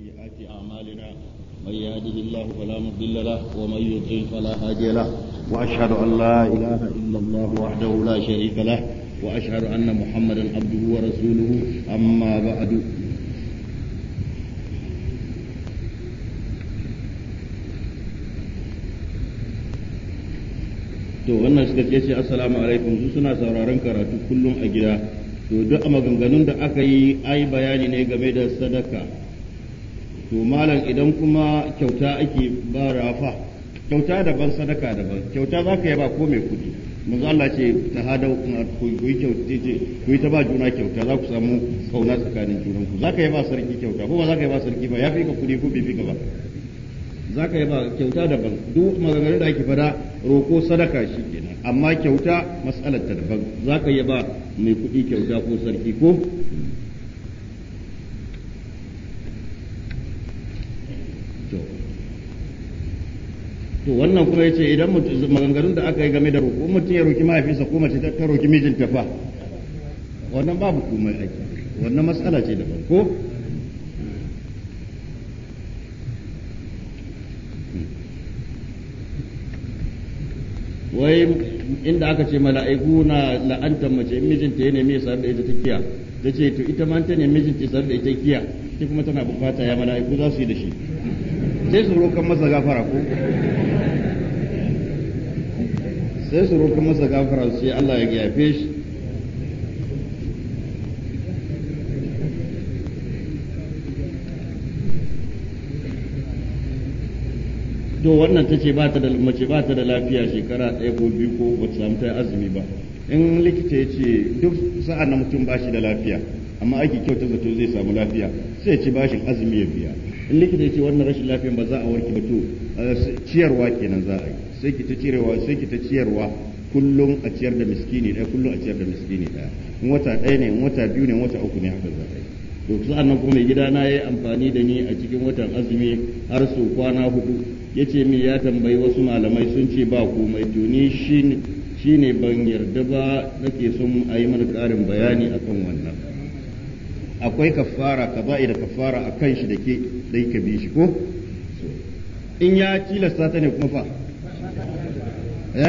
سيئات أعمالنا من يهده الله فلا مضل له ومن يضلل فلا هادي له وأشهد أن لا إله إلا الله وحده لا شريك له وأشهد أن محمدا عبده ورسوله أما بعد to wannan suka ce assalamu alaikum su suna sauraron karatu kullum a gida to duk a maganganun da aka yi ai bayani ne game da sadaka to malam idan kuma kyauta ake ba rafa kyauta daban sadaka daban kyauta za ka yaba ko mai kuɗi manzo Allah ce ta hada ku yi kyauta ku yi ta ba juna kyauta za ku samu kauna tsakanin junan ku za ka yaba sarki kyauta ko ba za ka yaba sarki ba ya fi ka kuɗi ko bai fi ka ba za ka yaba kyauta daban duk maganganun da ake fada roko sadaka shi kenan amma kyauta mas'alar ta daban za ka yaba mai kuɗi kyauta ko sarki ko to wannan kuma yace idan maganganun da aka yi game da roƙo mutum ya roƙi mahaifinsa ko mace ta roƙi mijinta fa wannan babu komai ake wannan matsala ce da farko wai inda aka ce mala'iku na la'antar mace mijinta ya nemi sa da ita takiya ta ce to ita ma ta nemi mijinta sa da ita takiya ta kuma tana bukata ya mala'iku za su yi da shi sai su roƙan masa gafara ko sai su roƙi masa gafara su ce Allah ya yafe shi to wannan ta ce ba ta da mace ba ta da lafiya shekara ɗaya ko biyu ko ba ta samu ta azumi ba in likita ya ce duk sa'an na mutum ba shi da lafiya amma ake kyauta zato zai samu lafiya sai ci bashin azumi ya biya in likita ya ce wannan rashin lafiyan ba za a warke ba to ciyarwa kenan za a yi sai ki ta cirewa sai ki ta ciyarwa kullum a ciyar da miskini ɗaya kullum a ciyar da miskini ɗaya in wata ɗaya ne in wata biyu ne wata uku ne haka za a yi to sa'an nan kuma mai gida na yi amfani da ni a cikin watan azumi har su kwana hudu ya ce min ya tambayi wasu malamai sun ce ba komai to ni shi ne ban yarda ba nake son a yi mana ƙarin bayani akan wannan akwai kafara ka ba'i da kafara a kan shi da ke dai ka bi shi ko in ya tilasta ta ne kuma fa Eh? Eh.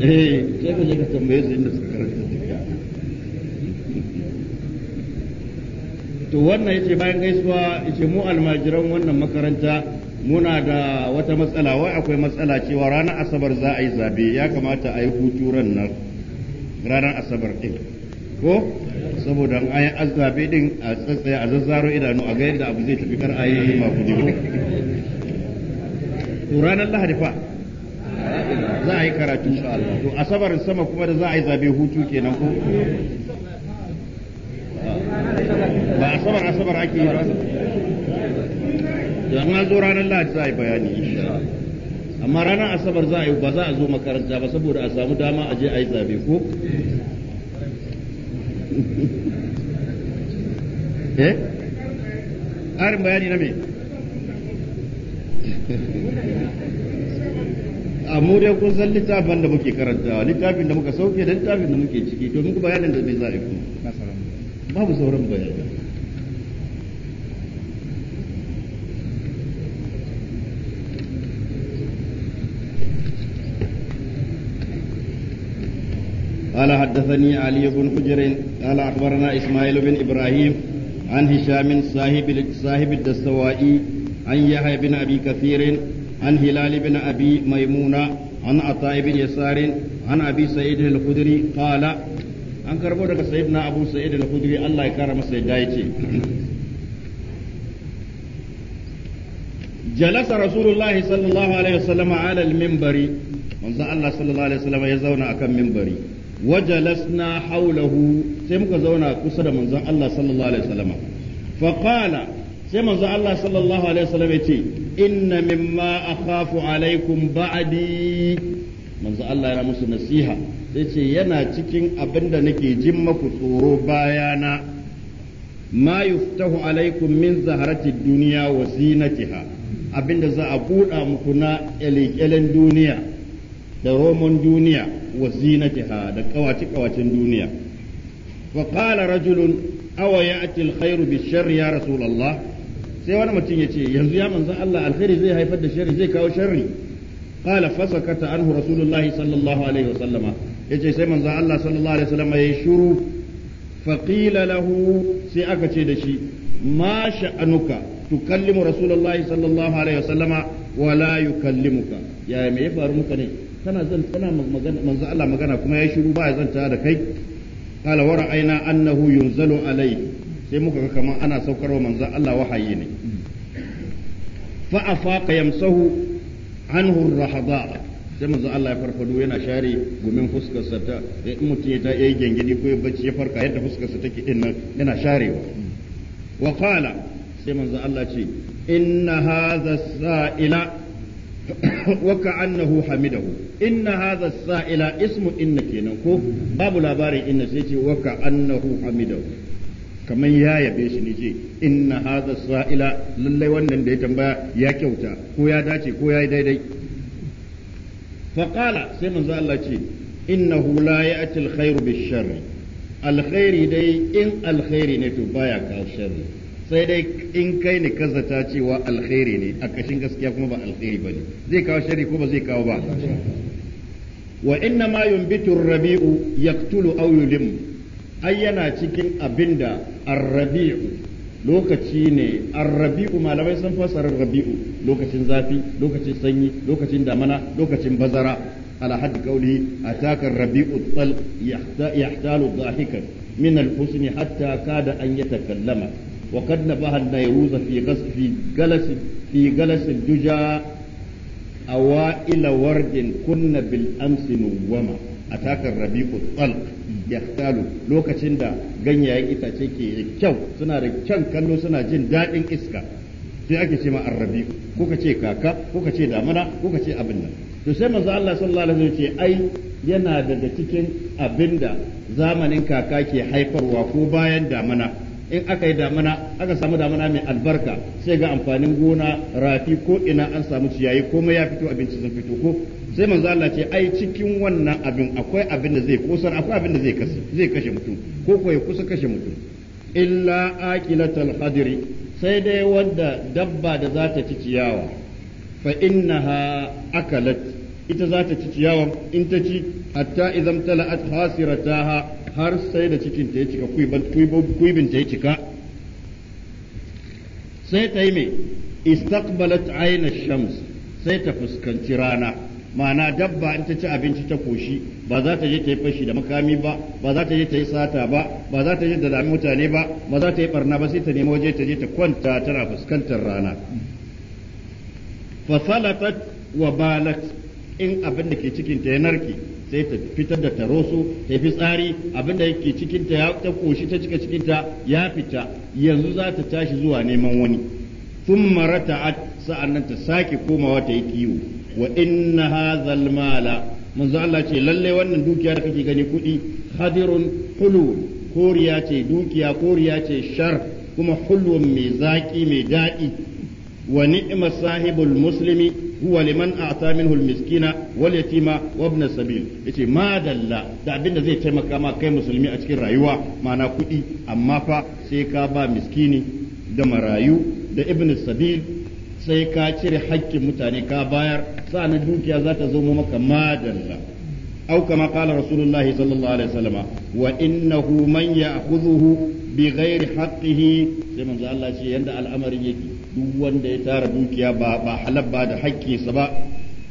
Eh, to wannan yace bayan gaisuwa yace mu almajiran wannan makaranta muna da wata matsala wai akwai matsala cewa ranar asabar za a yi zabe ya kamata a yi hutu ranar ranar asabar ɗin ko saboda an ayi azabe din a tsatsaya a zazzaro idanu a ga yadda abu zai tafi kar ayi ma ku jibo to ranar lahadi fa za a yi karatu insha Allah to asabar sama kuma da za a yi zabe hutu kenan ko ba asabar asabar ake yi ba da an zo ranar lahadi za a yi bayani insha Allah amma ranar asabar za a yi ba za a zo makaranta ba saboda a samu dama a je a yi zabe ko eh ƙarin bayani na me a mu dai kun san littafin da muke karantawa littafin da muka sauke da littafin da muke ciki to muku bayanin da bai a yi babu sauran bayani قال حدثني علي بن حجر قال أخبرنا إسماعيل بن إبراهيم عن هشام صاحب صاحب الدستوائي عن يحيى بن أبي كثير عن هلال بن أبي ميمونة عن عطاء بن يسار عن أبي سعيد الخدري قال أن كربو دك سيدنا أبو سعيد الخدري الله يكرم سيدايتي جلس رسول الله صلى الله عليه وسلم على المنبر manzon Allah sallallahu alaihi wasallam ya zauna akan minbari wajalasna haulahu sai muka zauna kusa da manzon Allah sallallahu alaihi wasallam fa qala sai manzon Allah sallallahu alaihi yace inna mimma akhafu alaikum ba'di manzon Allah yana musu nasiha yace yana cikin abinda nake jimma maku tsoro bayana ma yuftahu alaikum min zaharati dunya wa zinatiha abinda za a buɗa muku na ƙyale ƙyalƙyalen duniya da romon duniya wa zinatiha da kawace kawacin duniya wa qala rajulun awa ya'ti ya rasulullah sai wani mutum ya ce yanzu ya manzan Allah alkhairi zai haifar da sharri zai kawo sharri qala fasakata anhu rasulullahi sallallahu alaihi wasallama yace sai manzan Allah sallallahu alaihi wasallama yayi shuru faqila lahu sai aka ce da shi ma sha'anuka tukallimu rasulullahi sallallahu alaihi wasallama wala yukallimuka ya me ya faru muka ne kana zan tana magana manzo Allah magana kuma ya shiru ba ya zanta da kai qala wa ra'ayna annahu yunzalu alai sai muka ga kaman ana saukarwa manzo Allah wahayi ne fa afaqa yamsahu anhu ar-rahada sai manzo Allah ya farfado yana share gumin sa ta in mutum ya ta yi gengedi ko ya bacci ya farka yadda fuskarsa take din nan yana sharewa wa qala sai manzo Allah ce inna hadha sa'ila وكأنه حمده إن هذا السائل اسم إن كينكو باب لاباري إن سيتي وكأنه حمده كما يا يبيش نجي إن هذا السائل للي ونن دي تنبا يا كيوتا كو يا داتي كو يا داي داي فقال سيما الله إنه لا يأتي الخير بالشر الخير دي إن الخير نتو بايا كالشر sai dai in kai ne ka cewa alkhairi ne a kashin gaskiya kuma ba alkhairi ba ne zai kawo shari ko ba zai kawo ba wa inna ma yunbitu rabiu yaqtulu aw yulim ai yana cikin abinda ar-rabi'u lokaci ne ar-rabi'u malamai sun fasara rabi'u lokacin zafi lokacin sanyi lokacin damana lokacin bazara ala hadd qawli ataka ar-rabi'u talq yahtalu dhahikan min al-husni hatta kada an yatakallama وقد نبه النيروز في غس في جلس في جلس الدجى أوائل ورد كن بالأمس نوما أتاك الربيع الطلق يختال لوكacin da ganyayen itace ke da kyau suna da kyan kallo suna jin daɗin iska sai ake ce ma arrabi kuka ce kaka kuka ce damana kuka ce abin nan to sai Allah sallallahu alaihi ce ai yana daga cikin abinda zamanin kaka ke haifarwa ko bayan damana in aka yi damana aka samu damana mai albarka sai ga amfanin gona rafi ko ina an samu ciyayi komai ya fito abinci sun fito ko sai manzo Allah ce ai cikin wannan abin akwai abin da zai kusa akwai abin da zai kashe zai kashe mutum ko ko ya kusa kashe mutum illa aqilatul hadiri sai dai wanda dabba da za ta ci ciyawa fa innaha akalat ita za ta ci ciyawa in ta ci hatta idan talat hasirataha har sai da cikin ta ya cika kuibin ta ya cika sai ta yi mai istakbalat aina shams sai ta fuskanci rana ma'ana dabba in ta ci abinci ta koshi ba za ta je ta yi fashi da makami ba ba za ta je ta yi sata ba ba za ta je da dami mutane ba ba za ta yi barna ba sai ta nemi waje ta je ta kwanta tana fuskantar rana fasalatat wa balat in abin da ke cikin ta ya narke sai ta fitar da taroso ta fi tsari abinda yake cikinta ya ta koshi ta cika cikinta ya fita yanzu za ta tashi zuwa neman wani ثم رتعت sa'annan ta sake komawa ta yi kiwo wa inna hazal mala manzo Allah ce lalle wannan dukiya da kake gani kudi hadirun hulu koriya ce dukiya koriya ce shar kuma hulu mai zaki mai daɗi wa ni'ma sahibul muslimi huwa liman a'ta minhu al-miskina wal yatima wa ibn sabil yace ma dalla da abinda zai taimaka ma kai musulmi a cikin rayuwa mana kuɗi amma fa sai ka ba miskini da marayu da ibn sabil sai ka cire haƙƙin mutane ka bayar sa na dukiya za ta zo maka madalla أو كما قال رسول الله صلى الله عليه وسلم وإنه من يأخذه بغير حقه لمن قال الله شيء عند الأمر يجي دون ديتار دوكيا با حلب بعد حقي سبا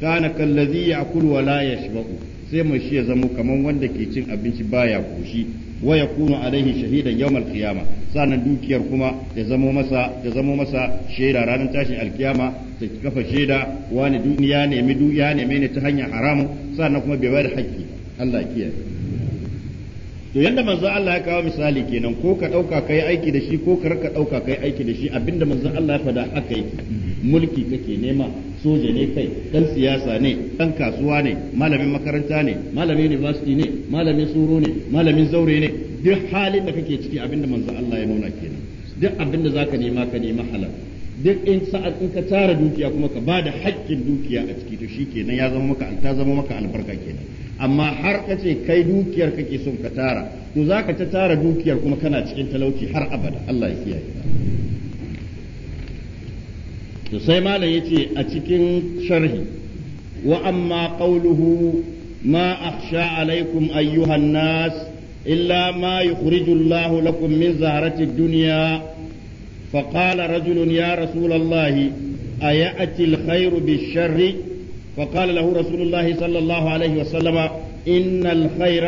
كان كالذي يأكل ولا يشبع sai mai shi ya zama kamar wanda ke cin abinci baya koshi waya yakunu alaihi shahidan yawmal qiyama sannan dukiyar kuma ya zama masa ya zamo masa shaida ranar tashin alkiyama ta kafa shaida wani duniya ne mai duniya ne ne ta hanyar haramu sannan kuma bai bayar haƙƙi Allah ya kiyaye to yanda manzo Allah ya kawo misali kenan ko ka dauka kai aiki da shi ko ka raka dauka kai aiki da shi abinda manzo Allah ya fada akai yi. mulki kake nema soja ne kai dan siyasa ne dan kasuwa ne malamin makaranta ne malamin university ne malamin tsoro ne malamin zaure ne duk halin da kake ciki abinda manzo Allah ya nuna kenan duk abinda zaka nema ka nema halal duk in sa'ad in ka tara dukiya kuma ka bada haƙƙin dukiya a ciki to shikenan ya zama maka ta zama maka albarka kenan amma har ka ce kai dukiyar kake son ka tara to zaka ta tara dukiyar kuma kana cikin talauci har abada Allah ya kiyaye to sai malam yace a cikin sharhi wa amma qawluhu ma akhsha alaikum ayyuhan nas illa ma yukhrijul lahu lakum min zaharati dunya فقال رجل يا رسول الله أيأتي الخير بالشر فقال له رسول الله صلى الله عليه وسلم إن الخير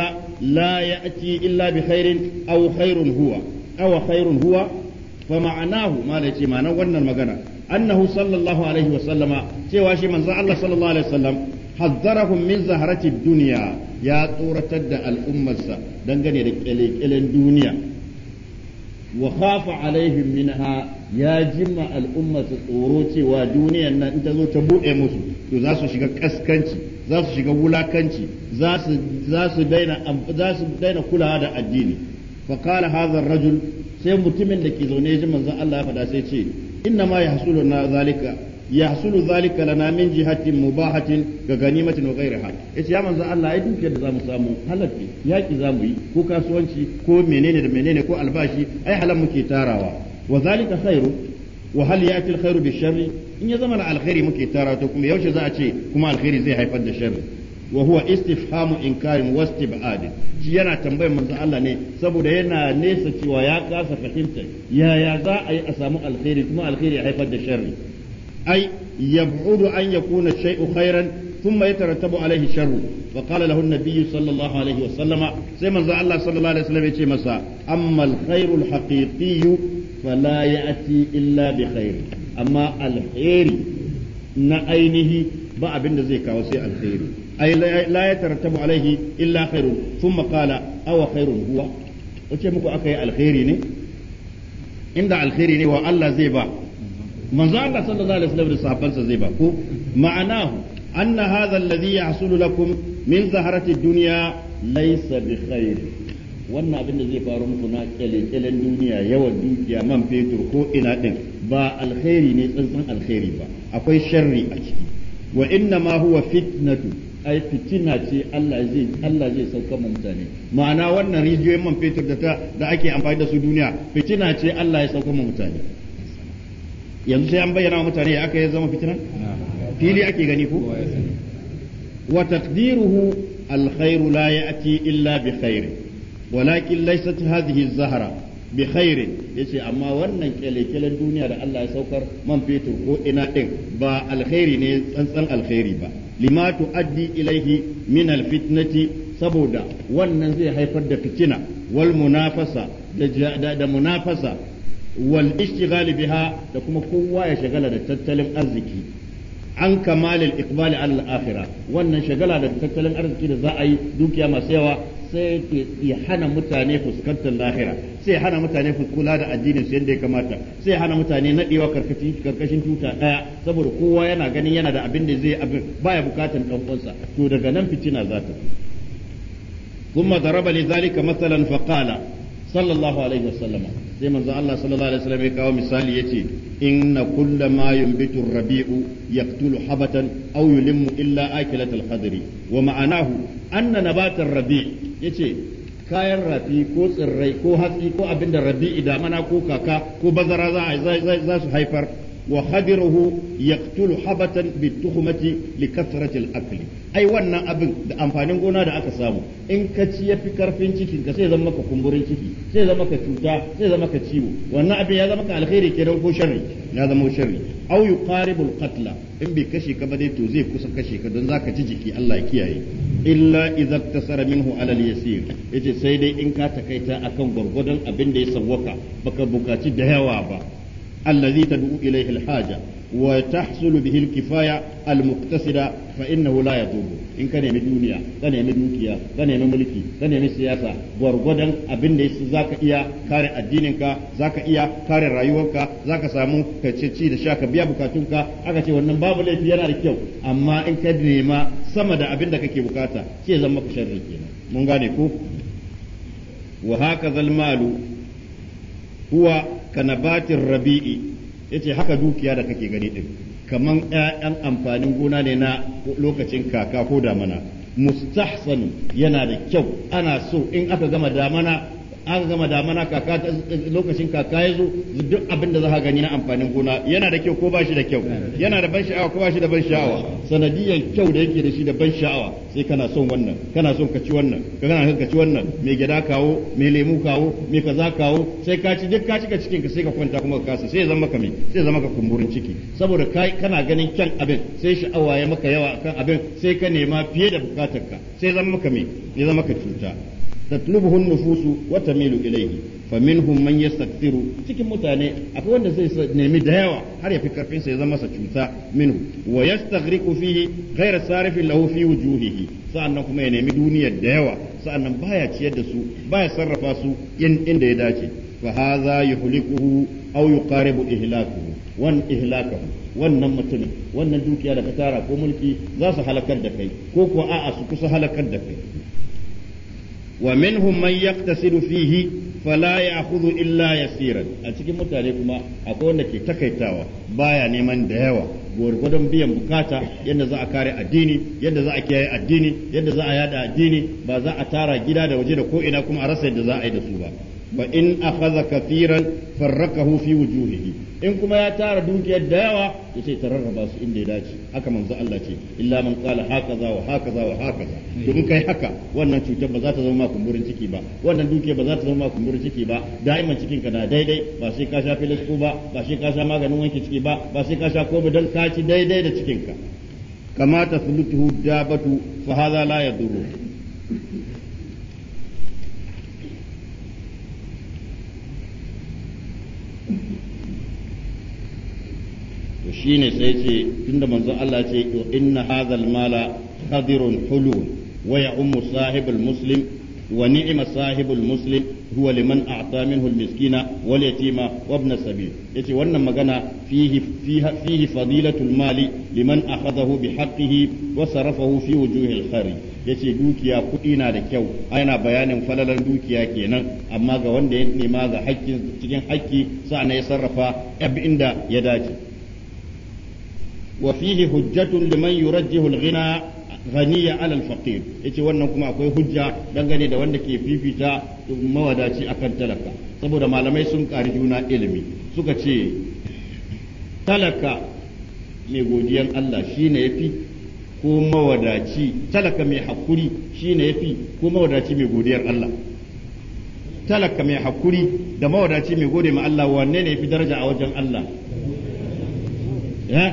لا يأتي إلا بخير أو خير هو أو خير هو فمعناه ما ليتي معناه ونن المجنة annahu sallallahu alaihi wa sallama cewa shi manzo Allah sallallahu alaihi wasallam hazzarahum min zaharati duniya ya tsoratar da al'ummarsa dangane da kyale-kyalen duniya wa khafa alaihim minha ya jima al'ummarsa tsoro cewa duniyar nan in ta zo ta bude musu to za su shiga kaskanci za su shiga wulakanci za su daina za kulawa da addini fa qala rajul sai mutumin da ke zaune ya ji manzon Allah ya faɗa sai ce إنما يحصل ذلك يحصل ذلك لنا من جهة مباحة كغنيمة وغيرها إيش يا منزل الله أي دوكيا da zamu samu halalci yaki zamu yi ko kasuwanci ko menene da menene ko albashi ai halan muke tarawa wa zalika khairu wa hal ya'ti al khairu bi shari in ya zama alkhairi muke tarawa to kuma yaushe za a ce kuma alkhairi zai haifar da sharri wa huwa istifhamu inkarin wastib'adin shi yana tambayar manzo Allah ne saboda yana nesa cewa ya kasa fahimta yaya za a yi a samu alkhairi kuma alkhairi ya haifar da sharri ai yab'udu an yakuna shay'u khairan thumma yatarattabu alaihi sharru wa qala lahu an-nabiy sallallahu alaihi wa sallama sai manzo Allah sallallahu alaihi wasallam yace masa amma al-khairu al-haqiqi fala ya'ti illa bi khair amma alkhairi na ainihi ba abinda zai kawo sai alkhairi أي لا يترتب عليه إلا خير ثم قال أو خير هو wace muku aka yi alkhairi ne inda alkhairi ne wa Allah zai ba manzo Allah sallallahu alaihi wasallam da sahabbansa zai ba ko ma'anahu anna hadha alladhi yahsulu lakum min zaharati dunya laysa bi khair wannan abin da zai faru muku na kyale-kyalen duniya yawan dukiya man fetur ko ina din ba alheri ne tsantsan alheri ba akwai sharri a ciki wa ma huwa fitnatu ai fitina ce Allah zai sauka mu mutane ma'ana wannan rijiyoyin man fetur da ta da ake amfani da su duniya fitina ce Allah ya sauka mu mutane yanzu sai an bayyana mutane ya aka zama fitina fili ake gani ko wa taqdiruhu alkhairu la ya'ti illa bi khairin walakin laysat hadhihi az-zahra bi yace amma wannan kyale-kyalen duniya da Allah ya saukar man fetur ko ina din ba alkhairi ne tsantsan alkhairi ba lima tuaddi ilaihi min alfitnati saboda wannan zai haifar da fitina wal munafasa da munafasa wal ishtighal biha da kuma kowa ya shagala da tattalin arziki an kamalil iqbali al akhirah wannan shagala da tattalin arziki da za a yi dukiya masu yawa sai ya hana mutane fuskantar lahira sai ya hana mutane kula da addinin su yadda ya kamata sai ya hana mutane nadewa karkashin karkashin tuta daya saboda kowa yana ganin yana da abin da zai abin baya bukatan dan uwansa to daga nan fitina za ta kuma daraba li zalika masalan fa qala sallallahu alaihi wasallam sai manzo Allah sallallahu alaihi wasallam ya kawo misali yace inna kulla ma yunbitu rabiu yaqtulu habatan aw yulimmu illa akilatal hadri wa ma'anahu anna nabatar rabi yace kayan rafi ko tsirrai ko hatsi ko abin da idan mana ko kaka ko bazara za su haifar وخدره يقتل حبة بالتخمة لكثرة الأكل أي وانا أبن دا أمفانين قونا دا أكسامو إن كتشي في كرفين تشيكين كسي زمك كمبرين تشيكي سي زمك تشوتا سي زمك تشيو وانا أبن يا زمك على خيري كده وكو شري يا زمو شري أو يقارب القتلى إن بكشي كبدي توزي كسا كشي كدن ذاك تجيكي الله كياي إلا إذا اقتصر منه على اليسير يجي سيدي إن كاتكيتا أكم برغدن أبن دي سوكا بكا بكاتي دهوا با الذي تدعو إليه الحاجة وتحصل به الكفاية المقتصدة فإنه لا يضر إن كان يمي دنيا كان يمي dukiya كان يمي ملكي كان يمي سياسة gwargwadon abin da yasa zaka iya kare addininka zaka iya kare rayuwarka zaka samu ka da sha ka biya bukatunka aka ce wannan babu laifi yana da kyau amma in ka nema sama da abin da kake bukata sai zan maka sharri kenan mun gane ko wa haka zal malu kanabatin rabi'i yace haka dukiya da kake gani din kaman yayan amfanin gona ne na lokacin kaka ko damana mustahsan yana da kyau ana so in aka gama damana an gama damana kaka lokacin kaka ya duk abin da za gani na amfanin gona yana da kyau ko ba shi da kyau yana da ban sha'awa ko ba shi da ban sha'awa sanadiyan kyau da yake da shi da ban sha'awa sai kana son wannan kana son ka ci wannan kana ka ci wannan mai gida kawo mai lemu kawo mai kaza kawo sai ka ci duk ka cika cikin ka sai ka kwanta kuma ka kasa sai ya zama ka mai sai ya zama ka kumburin ciki saboda kai kana ganin kyan abin sai sha'awa ya maka yawa akan abin sai ka nema fiye da bukatarka sai ya zama ka mai ya zama ka cuta tatlubuhu nufusu wa tamilu ilayhi fa minhum man cikin mutane akwai wanda zai nemi da yawa har ya fi karfin sa ya zama sa cuta minhu wa yastaghriqu fihi ghayra sarifin lahu fi wujuhihi sa'annan kuma ya nemi duniyar da yawa sa'annan baya ciyar da su baya sarrafa su inda ya dace fa hadha yuhlikuhu aw yuqaribu ihlakuhu wan ihlakahu wannan mutumin wannan dukiya da ka tara ko mulki za su halakar da kai ko ko a'a su kusa halakar da kai wa minhum man yaqtasidu fihi fala ya hudu illa yasiran a cikin mutane kuma akwai wanda ke takaitawa baya neman da yawa gwargwadon biyan bukata yadda za a kare addini yadda za a kiyaye addini yadda za a yada addini ba za a tara gida da waje da ko ina kuma a rasa yadda za a yi da su ba ba in akhadha kathiran farraka hufi wujuhihi in kuma ya tara dukiyar da yawa ya ce ta rarraba su inda ya dace haka manzo Allah ce illa man qala za wa za wa hakaza domin kai haka wannan cutar ba za ta zama kumburin ciki ba wannan dukiyar ba za ta zama kumburin ciki ba daima cikin ka na daidai ba sai ka sha filisku ba ba sai ka sha maganin wanke ciki ba ba sai ka sha komai don ka ci daidai da cikin ka kamata sulutu dabatu fa hadha la yadurru shine sai ce tunda manzon Allah ce inna hadhal mala qadirun hulul wa ya'ummu sahibul muslim wa ni'ma sahibul muslim huwa liman a'ta minhu al-miskina wal yatima wa ibn sabil yace wannan magana fihi fiha fihi fadilatul mali liman akhadahu bi haqqihi wa sarafahu fi wujuhil khair yace dukiya kuɗi na da kyau ayana bayanin falalar dukiya kenan amma ga wanda ya nema ga hakkin cikin hakki na ya sarrafa inda ya dace وفيه حجة لمن يرجح الغنى غني على الفقير wannan kuma akwai hujja dangane da wanda ke fifita mawadaci akan talaka saboda malamai sun kari juna ilimi suka ce talaka mai godiyan Allah shine yafi ko mawadaci talaka mai hakuri shine yafi ko mawadaci mai godiyar Allah talaka mai hakuri da mawadaci mai gode ma Allah wanne ne yafi daraja a wajen Allah eh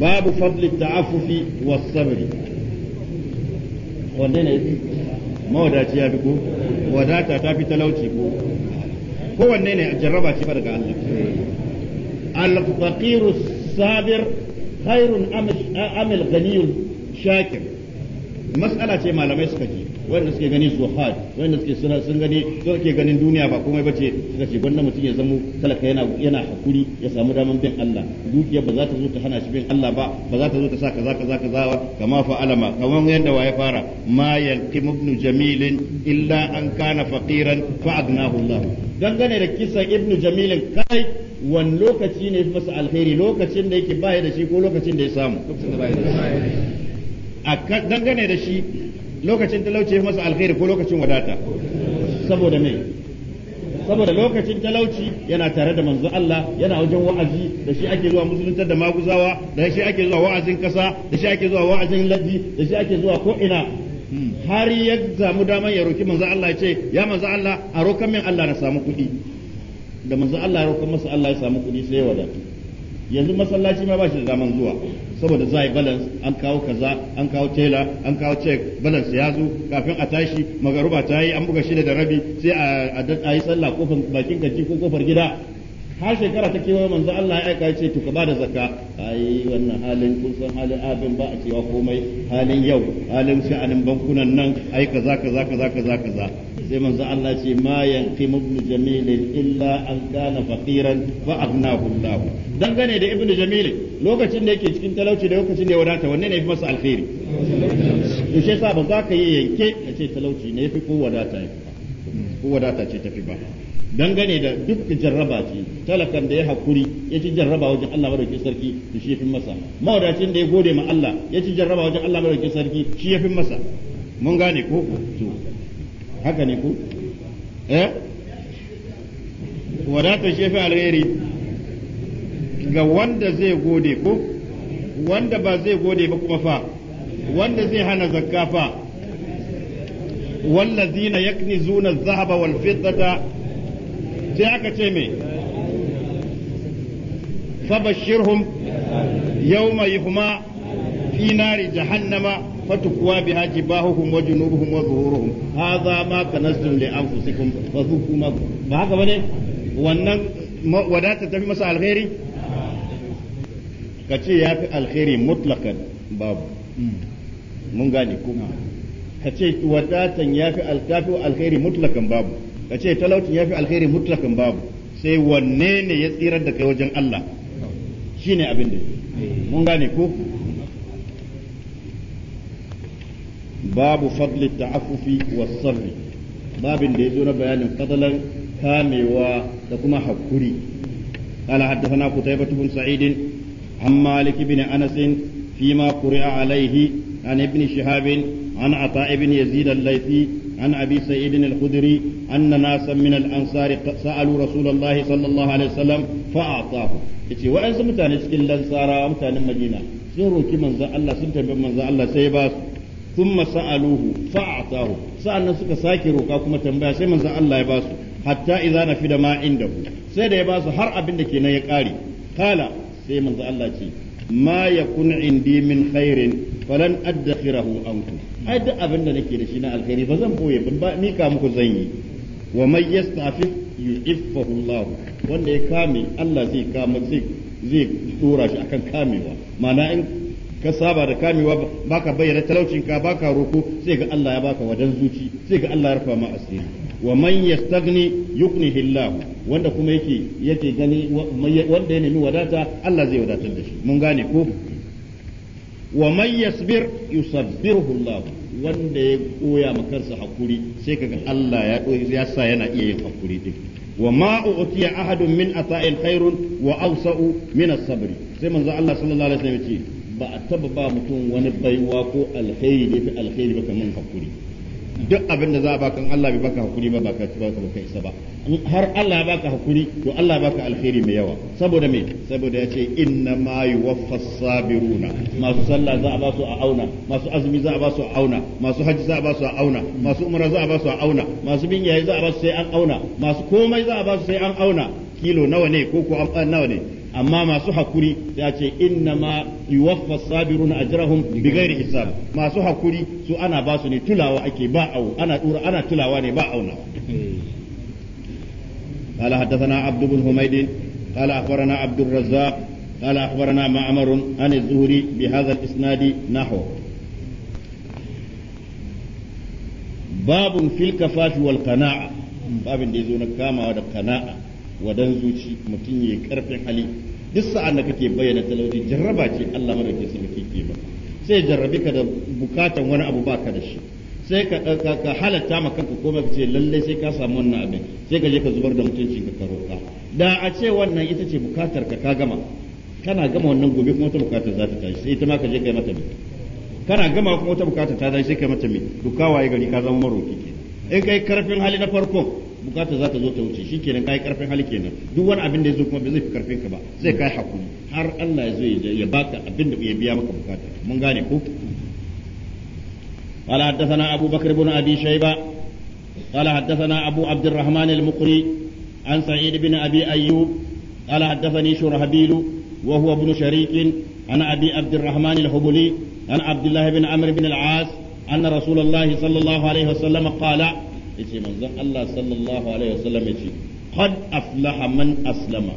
babu fadli ta'affufi was sabri wanne ne mawadaci ya fi ko ta fi talauci kowanne ne jarraba ce daga Allah al sabir khairun amil ganiyul shakir mas'ala ce malamai suka ji wanda suke gani zuhad wanda suke suna sun gani ke ganin duniya ba komai bace suka ce gwanda mutum ya zamo talaka yana yana hakuri ya samu daman bin Allah dukiya ba za ta zo ta hana shi bin Allah ba ba za ta zo ta sa kaza kaza kaza ba kama fa alama kaman yanda wa ya fara ma yalqim ibn jamil illa an kana faqiran fa agnahu Allah dangane da kisa ibn jamil kai wani lokaci ne masa alheri lokacin da yake baya da shi ko lokacin da ya samu a dangane da shi lokacin talauci ya masa alkhairi ko lokacin wadata saboda me saboda lokacin talauci yana tare da manzo Allah yana wajen wa'azi da shi ake zuwa musuluntar da maguzawa da shi ake zuwa wa'azin kasa da shi ake zuwa wa'azin laddi da shi ake zuwa ko ina har ya samu daman ya roki manzo Allah ya ce ya manzo Allah a rokan min Allah na samu kuɗi da manzo Allah ya rokan masa Allah ya samu kuɗi sai ya wadatu yanzu masallaci ma ba shi da daman zuwa saboda za a yi balance an kawo kaza an kawo tela an kawo check balance ya zo kafin a tashi magaruba ta yi an buga shida da rabi sai a yi sallah kofar bakin gaji ko kofar gida har shekara ta kewa manzo Allah ya aika ce to ka bada zakka ai wannan halin kun san halin abin ba a cewa komai halin yau halin sha'anin bankunan nan ai kaza kaza kaza kaza kaza sai manzo Allah ce ma yanqimu ibn jamil illa an kana faqiran fa abnahu Allah dangane da ibn jamil lokacin da yake cikin talauci da lokacin da ya wadata wanne ne fi masa alkhairi to sai yasa ba za ka yi yanke ka ce talauci ne yafi ko wadata ko wadata ce tafi ba dangane da duk jarraba ce talakan da ya hakuri ya ci jarraba wajen Allah madaukakin sarki to shi fi masa mawadacin da ya gode ma Allah ya ci jarraba wajen Allah madaukakin sarki shi ya fi masa mun gane ko to haka ne ko eh wadatar shi alheri ga wanda zai gode ko wanda ba zai gode ba kuma fa wanda zai hana zakka fa والذين يكنزون الذهب والفضة sai aka ce me fabashirhum yawma yuhma fi nari jahannama فتكوى بها جباههم وجنوبهم وظهورهم هذا ما كنزتم لأنفسكم فذوقوا ما بهذا بني wannan wadata tafi masa alheri ka ce ya fi alheri mutlakan babu mun gane kuma ka ce wadatan ya fi alheri mutlakan babu ka ce talaucin ya fi alheri mutlakan babu sai wanne ne ya tsirar da kai wajen Allah shi ne abin da eh. mun gane ko babu fadli ta'affufi wa sabr babin da ya zo na bayanin fadlan kamewa da kuma hakuri قال حدثنا قتيبة بن سعيد عن مالك بن أنس فيما قرئ عليه عن ابن شهاب عن عطاء بن يزيد الليثي عن أبي سعيد الخدري أن ناسا من الأنصار سألوا رسول الله صلى الله عليه وسلم فأعطاه yace wa'ansu mutane cikin lansarawa mutanen madina sun roki manzon Allah sun tambayi manzon Allah sai ba su thumma sa'aluhu fa'atahu sa'annan suka sake roka kuma tambaya sai manzon Allah ya ba su hatta idza da ma indahu sai da ya ba su har abin da kenan ya kare kala sai manza Allah ce ma yakun indi min khairin falan addakhirahu ankum ai duk abin da nake da shi na alkhairi ba zan boye ban mika muku zan yi wa may yastafif yu'iffahu Allah wanda ya kame Allah zai kama zai zai dora shi akan kamewa ma'ana in ka saba da kamewa baka bayyana talaucinka baka roko sai ga Allah ya baka wadan zuci sai ga Allah ya rufa ma asiri wa man yastagni yuknihi Allah wanda kuma yake yake gani wanda ya nemi wadata Allah zai wadatar da shi mun gane ko wa man yasbir yusabbiruhu Allah wanda ya koya ma kansa hakuri sai kaga Allah ya ya sa yana iya yin hakuri din wa ma utiya ahadun min ata'il khairun wa awsa'u min as-sabr sai manzo Allah sallallahu alaihi wasallam ya ce ba a taba ba mutum wani baiwa ko alkhairi da fi alkhairi ba kamar hakuri duk abin da za a baka Allah bai baka hakuri ba baka ci baka baka isa ba har Allah baka hakuri to Allah baka alkhairi mai yawa saboda me saboda yace inna ma yuwaffas sabiruna masu sallah za a ba su a auna masu azumi za a ba su a auna masu hajji za a ba su a auna masu umra za a ba su a auna masu bin yayi za a ba su sai an auna masu komai za a ba su sai an auna kilo nawa ne ko ko nawa ne amma masu hakuri ya ce inna ma yuwaffa sabiruna ajrahum bighairi hisab masu hakuri su ana ba su ne tulawa ake ba au ana dura ana tulawa ne ba auna قال حدثنا عبد بن حميد قال اخبرنا عبد الرزاق قال اخبرنا معمر عن الزهري بهذا الاسناد نحو باب في الكفاف والقناعه ya zo na kamawa da kana'a wadan zuci mutum ya karfin hali duk sa'an da kake bayyana talauci jarraba ce Allah madauke sarki ke ba sai jarrabi ka da bukatan wani abu baka da shi sai ka ka halatta maka ka ko ka ce lalle sai ka samu wannan abin sai ka je ka zubar da mutuncin ka karoka da a ce wannan ita ce bukatar ka ka gama kana gama wannan gobe kuma wata bukatar za ta tashi sai ita ma ka je kai mata mai kana gama kuma wata bukatar ta tashi sai kai mata mai to kawaye gari ka zama maroki kenan in kai karfin hali na farko bukatar za ta zo ta wuce shi kenan kai karfin hali kenan duk wani abin da ya zo kuma ba zai fi karfin ka ba zai kai hakuri har Allah ya zo ya baka abin da ya biya maka bukata mun gane ko قال حدثنا أبو بكر بن أبي شيبة قال حدثنا أبو عبد الرحمن المقري عن سعيد بن أبي أيوب قال حدثني شرهبيل وهو ابن شريك عن أبي عبد الرحمن الحبلي عن عبد الله بن عمرو بن العاص أن رسول الله صلى الله عليه وسلم قال yace manzon Allah sallallahu alaihi wasallam yace qad aflaha man aslama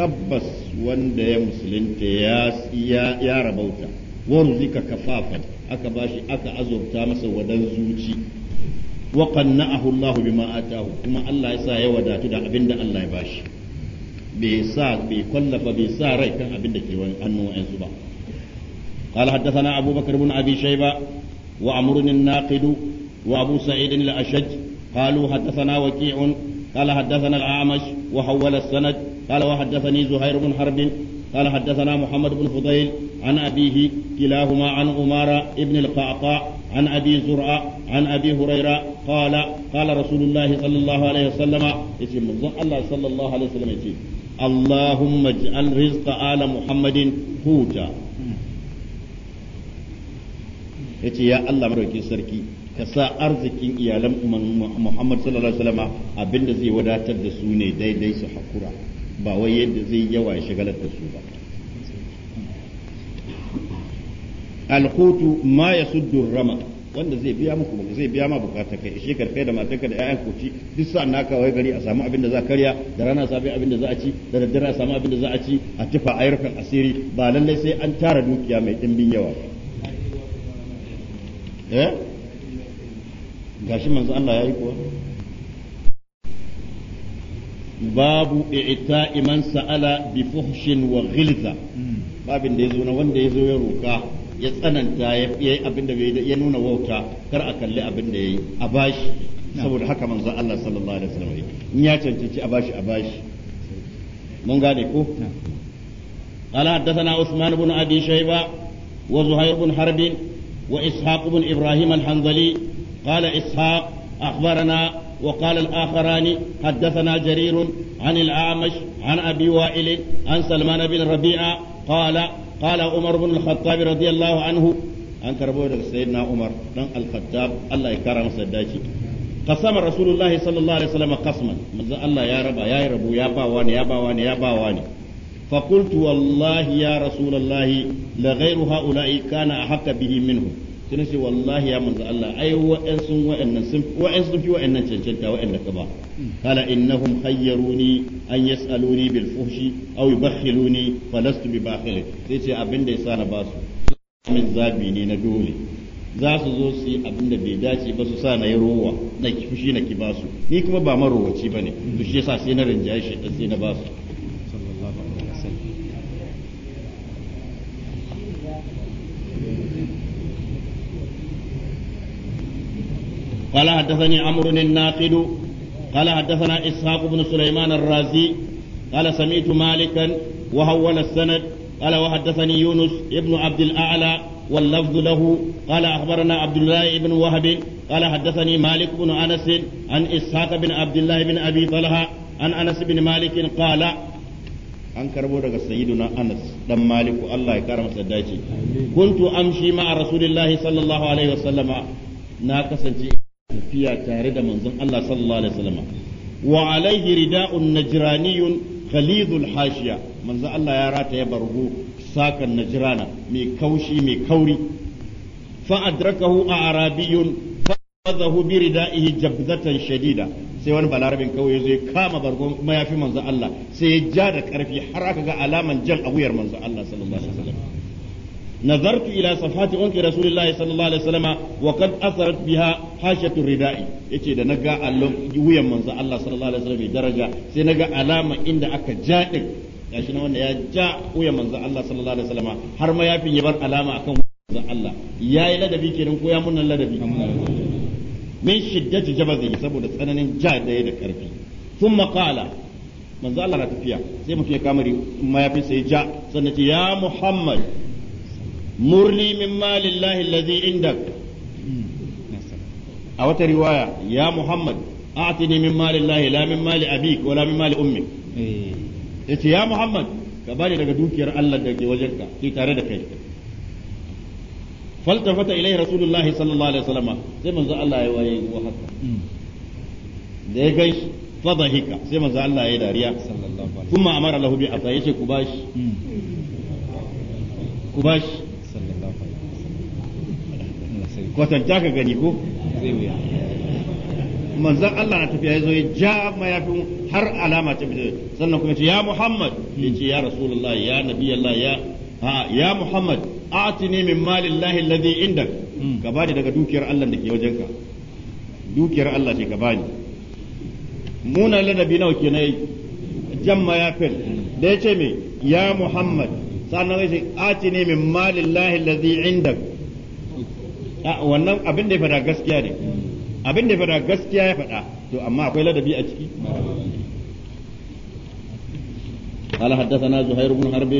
tabbas wanda ya musulunta ya ya rabauta wa ruzika kafafan aka bashi aka azurta masa wadan zuci wa qanna'ahu Allah bima atahu kuma Allah ya sa ya wadatu da abin da Allah ya bashi bai sa bai kwallafa bai sa rai kan abin da ke wani annu wa'ansu ba قال حدثنا أبو بكر بن أبي شيبة وعمر الناقد وأبو سعيد الأشج قالوا حدثنا وكيع قال حدثنا الأعمش وحول السند قال وحدثني زهير بن حرب قال حدثنا محمد بن فضيل عن أبيه كلاهما عن أمارة ابن القعقاع عن أبي زرعة عن أبي هريرة قال قال رسول الله صلى الله عليه وسلم اسم الله صلى الله عليه وسلم يتيم اللهم اجعل رزق آل محمد قوتا yace ya Allah madaukin sarki ka sa arzikin iyalan Muhammad sallallahu alaihi wasallam abinda zai wadatar da su ne daidai su hakura ba wai yadda zai yawa ya shagalar da su ba alqutu ma yasuddu rama wanda zai biya muku zai biya ma bukata kai shi karfe da matarka da ƴaƴan kuci duk sa na kawai gari a samu abin da za karya da rana safi abin da za a ci da daddare a samu abin da za a ci a tufa a asiri ba lallai sai an tara dukiya mai dimbin yawa eh gashi manzo Allah yayi kuwa babu i'ta'i man sa'ala bi fuhshin wa ghilza babin da yazo na wanda yazo ya roka ya tsananta ya yi abin da ya nuna wauta kar a kalli abin da yi. a bashi saboda haka manzo Allah sallallahu alaihi wasallam in ya cancanci a bashi a bashi mun gane ko قال حدثنا عثمان بن ابي شيبه وزهير بن حرب واسحاق بن ابراهيم الحنظلي قال إسحاق أخبرنا وقال الآخران حدثنا جرير عن الأعمش عن أبي وائل عن سلمان بن ربيعة قال قال عمر بن الخطاب رضي الله عنه أن كربوا سيدنا عمر بن الخطاب الله يكرم سداشي قسم رسول الله صلى الله عليه وسلم قسما من الله يا رب يا رب يا باواني يا باواني يا باواني فقلت والله يا رسول الله لغير هؤلاء كان أحق به منهم sai ce wallahi ya manzo Allah ai wa'ansu wa'annan sun wa'ansu sun fi wa'annan cancanta wa'anda ka ba kala innahum hayyaruni an yas'aluni bil fuhshi aw yubakhiluni falastu bi bakhil sai ce abinda yasa na ba su min zabi ne na dole za su zo su yi abin da bai dace ba su sa na yi rowa na na ki ba su ni kuma ba marowaci ne. to shi yasa sai na rinjaye shi sai na ba su قال حدثني عمرو الناقد قال حدثنا إسحاق بن سليمان الرازي قال سمعت مالكا وهول السند قال وحدثني يونس ابن عبد الأعلى واللفظ له قال أخبرنا عبد الله بن وهب قال حدثني مالك بن أنس عن إسحاق بن عبد الله بن أبي طلحة عن أنس بن مالك قال an karbo daga sayyiduna Anas dan Maliku Allah ya kara masa dace kuntu amshi ma'a Rasulillahi sallallahu alaihi wasallama na kasance tafiya tare da manzon Allah sallallahu alaihi wasallam wa alaihi rida'un najraniyun khalidul hashiya manzon Allah ya rata ya bargo sakan najrana mai kaushi mai kauri fa adrakahu arabiyun fadahu bi rida'ihi jabzatan shadida sai wani balarabin kawai yazo zai kama bargon fi manzon Allah sai ya ja da karfi har aka ga alaman jan a wuyar manzon Allah sallallahu alaihi wasallam نظرت إلى صفحات عنق رسول الله صلى الله عليه وسلم وقد أثرت بها حاشة الرداء yace da naga allon wuyan manzo Allah sallallahu alaihi wasallam daraja sai ga alama inda aka ja din gashi wanda ya ja wuyan manzo Allah sallallahu alaihi wasallam har ma yafin ya bar alama akan manzo Allah yayi ladabi kenan ko ya munna ladabi min shiddati jabazi saboda tsananin ja da da karfi thumma qala manzo Allah na tafiya sai mutum ya kama mayafi sai ja sannan ya Muhammad murni min malillahi allazi inda a wata riwaya ya muhammad a'tini min malillahi la min mali abik wala min mali ummi eh. yace ya muhammad ka bani daga dukiyar Allah da ke ka ke tare da kai فالتفت إليه رسول الله صلى الله عليه وسلم زي من زال الله يوايه وحكا ده كيش فضحك زي من زال الله يداريا ثم أمر له بعطا يشي كباش كباش kwatanta ka gani ko zai wuya manzon Allah na tafiya yazo ya ja mayafin har alama ta fito sannan kuma ce ya Muhammad yace ya Rasulullah ya Nabi Allah ya ha ya Muhammad atini min malillahi alladhi indak hmm. ka bani daga dukiyar Allah da ke wajenka dukiyar Allah ce ka bani muna ladabi nawa kenan jan mayafin da ce me ya Muhammad sannan yace atini min malillahi alladhi indak wannan abin da ya fada gaskiya ne abin da ya fada gaskiya ya fada to amma akwai ladabi a ciki قال حدثنا زهير بن حرب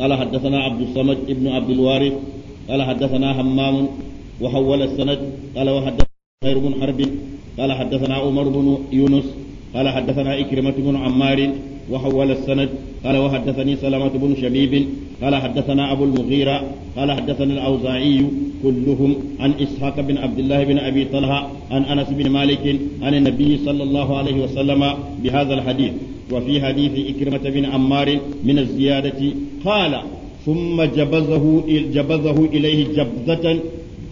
قال حدثنا عبد الصمد بن عبد الوارث قال حدثنا همام وحول السند قال وحدثنا زهير بن حرب قال حدثنا عمر بن يونس قال حدثنا إكرمة بن عمار وحول السند قال وحدثني سلامة بن شبيب قال حدثنا أبو المغيرة قال حدثنا الأوزاعي كلهم عن إسحاق بن عبد الله بن أبي طلحة عن أنس بن مالك عن النبي صلى الله عليه وسلم بهذا الحديث وفي حديث إكرمة بن عمار من الزيادة قال ثم جبزه جبزه إليه جبزة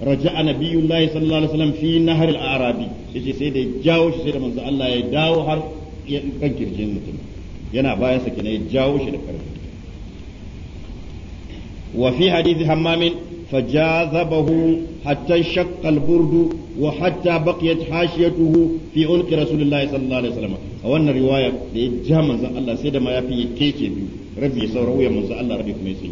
رجع نبي الله صلى الله عليه وسلم في نهر الأعرابي يجي سيدي جاو سيدي من الله يداو هر كان كرجين متنا yana bayan sa kenan ya jawo shi da karfi وفي حديث همام فجاذبه حتى انشق البرد وحتى بقيت حاشيته في عنق رسول الله صلى الله عليه وسلم وانا رواية جامع الله سيدا ما يفي كيكي ربي سوره من الله ربي كميسي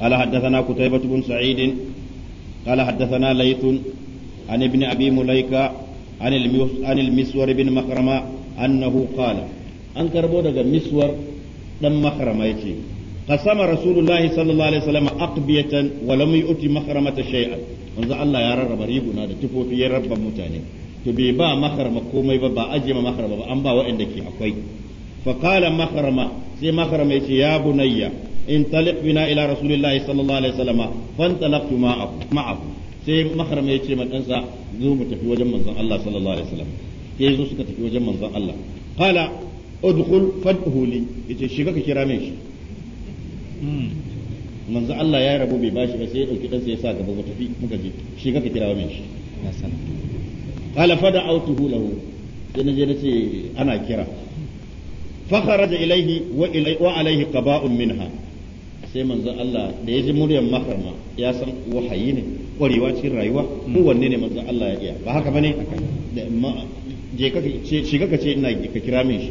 قال حدثنا قتيبة بن سعيد قال حدثنا ليث عن ابن أبي مليكة عن عن المسور بن مخرمة أنه قال أنكر بودك مسور دم مخرمة يتي قسم رسول الله صلى الله عليه وسلم أقبية ولم يؤتي مخرمة شيئا manzo Allah ya rarraba riguna da tufofi ya rabba mutane to bai ba makarma komai ba ba aje ma makarma ba an ba waɗanda ke akwai fa qala makarma sai makarma yace ya bunayya in taliq bina ila rasulillahi sallallahu alaihi wasallam fantalaqtu sai makarma yace ma dan sa zo mu tafi wajen manzon Allah sallallahu alaihi wasallam ke zo suka tafi wajen manzon Allah qala udkhul fadhu yace shiga ka kira min shi Hmm. manzo Allah ya rabu bai bashi ba sai ya dauki ɗansa ya sa gaba ba tafi muka je shi kaka kira mai shi qala fada autuhu lahu sai na je na ce ana kira fa kharaja ilaihi wa ilai wa alaihi qaba'un minha sai manzo Allah da ya ji muryar maharma ya san wahayi ne kwarewa cikin rayuwa hmm. ko wanne ne manzo Allah ya iya ba haka bane je kaka ce shi kaka ce ina ka kira min shi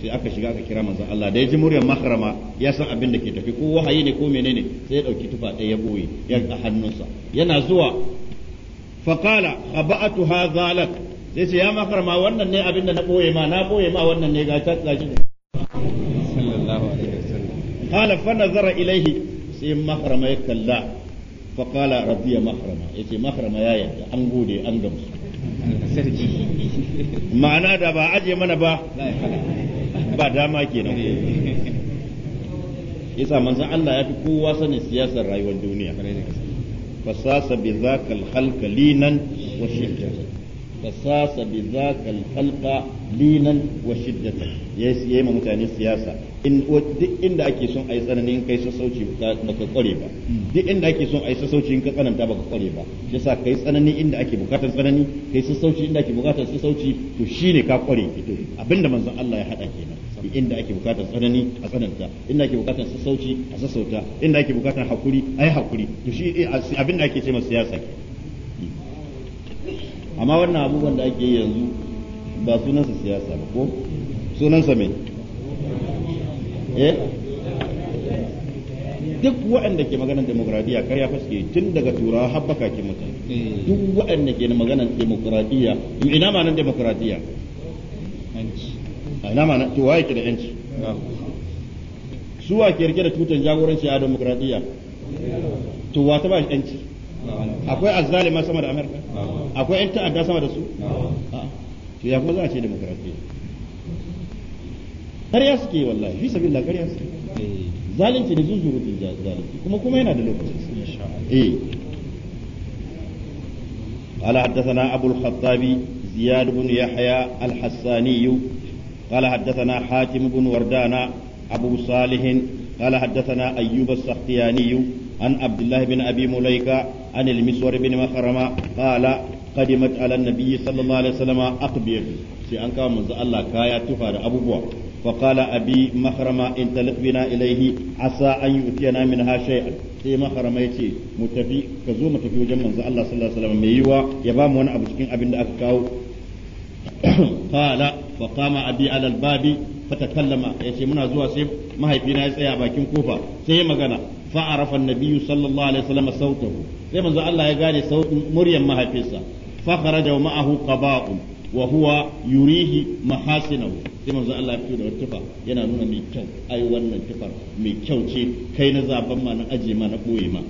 sai aka shiga aka kira manzon Allah da ya ji muryar mahrama ya san abin da ke tafi ko wahayi ne ko menene sai ya dauki tufa ɗaya ya boye ya ga hannunsa yana zuwa faqala khaba'atu hadha lak sai ce ya mahrama wannan ne abin da na boye ma na boye ma wannan ne ga ta gashi sallallahu alaihi wasallam qala fa nazara ilaihi sai mahrama ya kalla faqala radiya mahrama yace mahrama ya yarda an gode an gamsu ma'ana da ba aje mana ba ba dama kenan yasa manzon Allah ya fi kowa sanin siyasar rayuwar duniya fasasa bi zakal halkali nan wa shirkan فصاص بذاك الخلق لينا وشدة يس يما متعني سياسة in duk inda ake son ayi tsanani kai sassauci baka kware ba duk inda ake son ayi sassauci in ka tsananta baka kware ba yasa kai tsanani inda ake bukatar tsanani kai sassauci inda ake bukatar sassauci to shine ka kware kito abinda manzon Allah ya hada kenan inda ake bukatar tsanani a tsananta inda ake bukatar sassauci a sassauta inda ake bukatar hakuri ayi hakuri to shi abinda ake ce siyasa amma wannan abubuwan da ake yanzu ba sunansa siyasa ba ko sunansa me eh duk waɗanda ke maganar kar karya faske tun daga turawa har bakakin mutane eh. duk waɗanda ke maganar demokradiyya ina ma nan demokradiyya ina ma nan to waye da yanci suwa wa ke rike da tutan jagoranci a demokuraɗiyya tuwa ta ba shi yanci akwai azzalima sama da amerika akwai yan ta'adda sama da su to ya kuma za a ce demokrasiya kariya suke wallahi fi sabin sabilillah kariya suke eh. zalunci da zunzurutun zalunci kuma kuma yana da lokaci eh قال حدثنا أبو الخطاب زياد بن يحيى الحساني قال حدثنا حاتم بن وردان أبو صالح قال حدثنا أيوب السختياني عن عبد الله بن أبي مليكة عن المسور بن مخرمة قال قدمت على النبي صلى الله عليه وسلم أقبية في أنك منذ الله كايا تفار أبو بوا فقال أبي مخرمة انطلق بنا إليه عسى أن يؤتينا منها شيئا sai maharama ya ce mu tafi ka zo mu tafi wajen manzo Allah sallallahu alaihi wasallam mai yiwa ya ba mu wani abu cikin abin da aka kawo qala fa qama abi ala albabi fatakallama yace muna zuwa sai mahaifina ya tsaya bakin kofa sai magana fa arafa annabiyyu sallallahu alaihi wasallam sautahu sai manzo Allah ya gane sautin muryan mahaifinsa fa kharaja ma'ahu qaba'un wa huwa yurihi mahasinahu sai manzo Allah ya fito da tufa yana nuna mai kyau ai wannan tufar mai kyau ce kai na zaban ma na aje ma na boye ma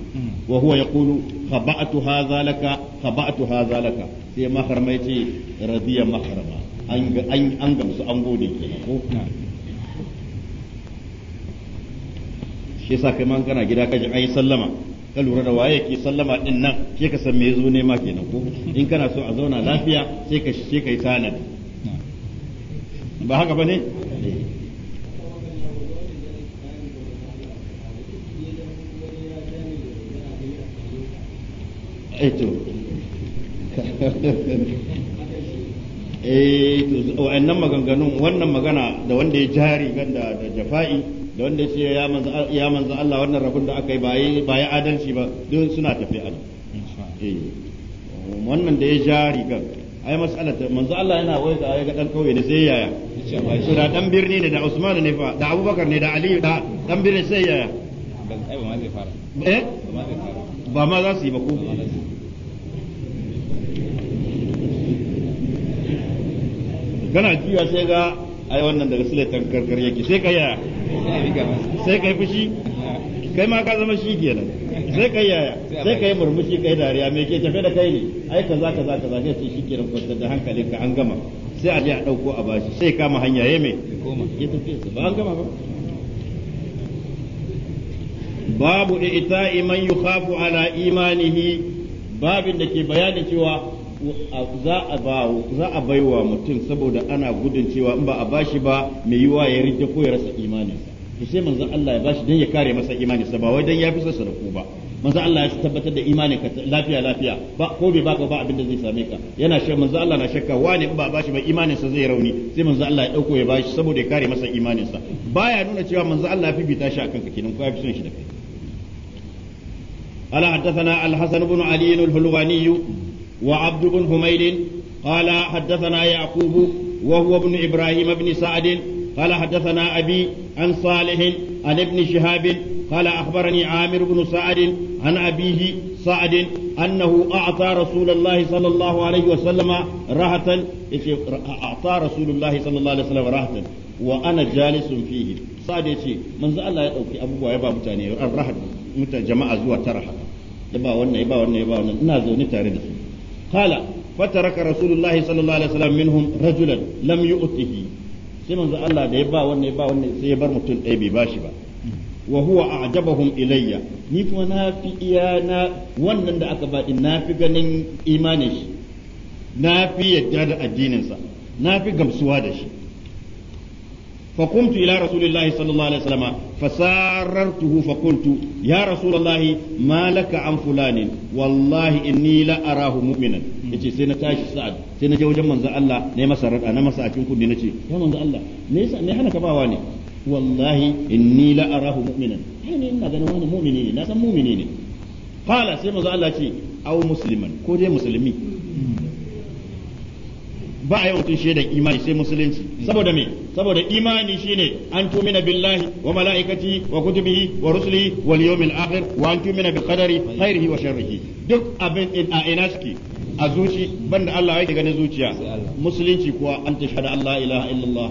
wa huwa yaqulu khaba'tu hadha laka khaba'tu hadha laka sai mahrama yace radiya mahrama an ga an gamsu an gode kenan ko shi sa kai man kana gida kaji ai sallama ka lura da waye ke sallama din nan ke ka san me yazo ma kenan ko in kana so a zauna lafiya sai ka sai kai tanadi ba haka bane eto eh. Eh, eh to wa'annan maganganun wannan magana da wanda ya jari ganda da jafa'i da wanda ya ce ya manzan Allah wannan rabon da aka yi ba ya adalci ba duk suna tafi a eh. wannan da ya ja rigar ai mas'ala ta manzo Allah yana wai da ya ga dan kauye ne sai yaya so da dan birni ne da Usman ne fa da Abubakar ne da Ali da dan birni sai yaya ba ma za su yi ba ko kana jiya sai ga ai wannan daga silaitan karkar yake sai ka yaya sai ka yi fushi kai ma ka zama shi kenan sai ka yaya sai ka yi murmushi kai dariya me ke tafe da kai ne ai kaza kaza kaza kai sai shi kenan kwantar da ka an gama sai a je a dauko a bashi sai kama hanya ya me ya tafi ba an gama ba babu da ita man yukhafu ala imanihi babin da ke bayani cewa za a ba za a baiwa mutum saboda ana gudun cewa in ba a bashi ba mai yiwa ya rike ko ya rasa imaninsa to sai manzon Allah ya bashi dan ya kare masa imaninsa ba wai dan ya fi sassa ba manzon Allah ya tabbatar da imanin ka lafiya lafiya ba ko bai baka ba abin da zai same ka yana shi manzon Allah na shakka wani ba a bashi ba imanin sa zai rauni sai manzon Allah ya dauko ya bashi saboda ya kare masa imanin sa baya nuna cewa manzon Allah ya ta shi akan ka kenan ko ya fi son shi da kai ala hadathana al-hasan ibn ali al-hulwani وعبد بن حميد قال حدثنا يعقوب وهو ابن إبراهيم بن سعد قال حدثنا أبي عن صالح عن ابن شهاب قال أخبرني عامر بن سعد عن أبيه سعد أنه أعطى رسول الله صلى الله عليه وسلم راحة أعطى رسول الله صلى الله عليه وسلم راحة وأنا جالس فيه سعد يشي من زال الله يأوكي أبوه يبا متاني راحة متى جماعة زوا ترحة يبا ونه يبا ونه يبا ونه نازل نتاري قال فترك رسول الله صلى الله عليه وسلم منهم رجلا لم يؤته Allah da ya ba wannan ya sai ya bar mutum ɗaya bai bashi ba wa huwa ilayya ni kuma na fi iya na wannan da aka baɗi na fi ganin imanin shi na fi yadda da addininsa na fi gamsuwa da shi فقمت إلى رسول الله صلى الله عليه وسلم فساررته فقلت يا رسول الله ما لك عن فلان والله إني لا أراه مؤمنا sai na tashi sa'ad sai na je wajen manzon Allah ne masa rada na masa akin kudi nace ya manzon Allah me yasa me hana ka bawa ne wallahi inni la arahu mu'minan ne ina ganin wani mu'mini ne na san ne sai manzon Allah ce au musliman ko dai musulmi ba a yi mutum da imani sai musulunci saboda me saboda imani shine an tumina billahi wa mala'ikati wa kutubihi wa rusuli wal yawmil akhir wa an tumina bi qadari khairihi wa sharrihi duk abin in a ina suke a zuci banda Allah yake ganin zuciya musulunci kuwa an shahada. Allah ilaha illallah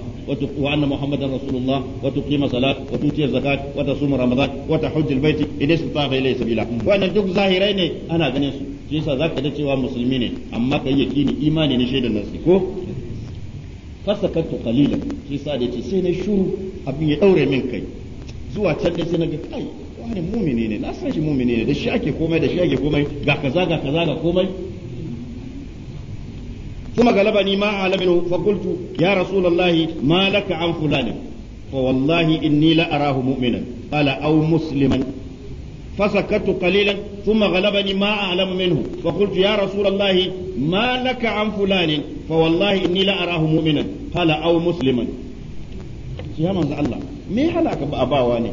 wa anna muhammadar rasulullah wa tuqima salat wa tuti zakat wa tasum ramadan wa tahujjul baiti idan sabila wannan duk zahirai ne ana ganin su shi yasa ka da cewa musulmi ne amma ka kai yakini imani ne shaidan nan ko fasakatu qalilan shi yasa da yace sai na shuru abin ya daure min kai zuwa can ɗaya sai na ga kai wani mumini ne na san shi mumini ne da shi ake komai da shi ake komai ga kaza ga kaza ga komai ثم غلبني ما أعلم منه فقلت يا رسول الله ما لك عن فلان فوالله إني لأراه مؤمنا قال أو مسلما فسكت قليلا ثم غلبني ma أعلم منه فقلت ya رسول الله ما لك عن فلان فوالله إني لا أراه مؤمنا قال أو مسلما يا من الله me halaka ba bawa ne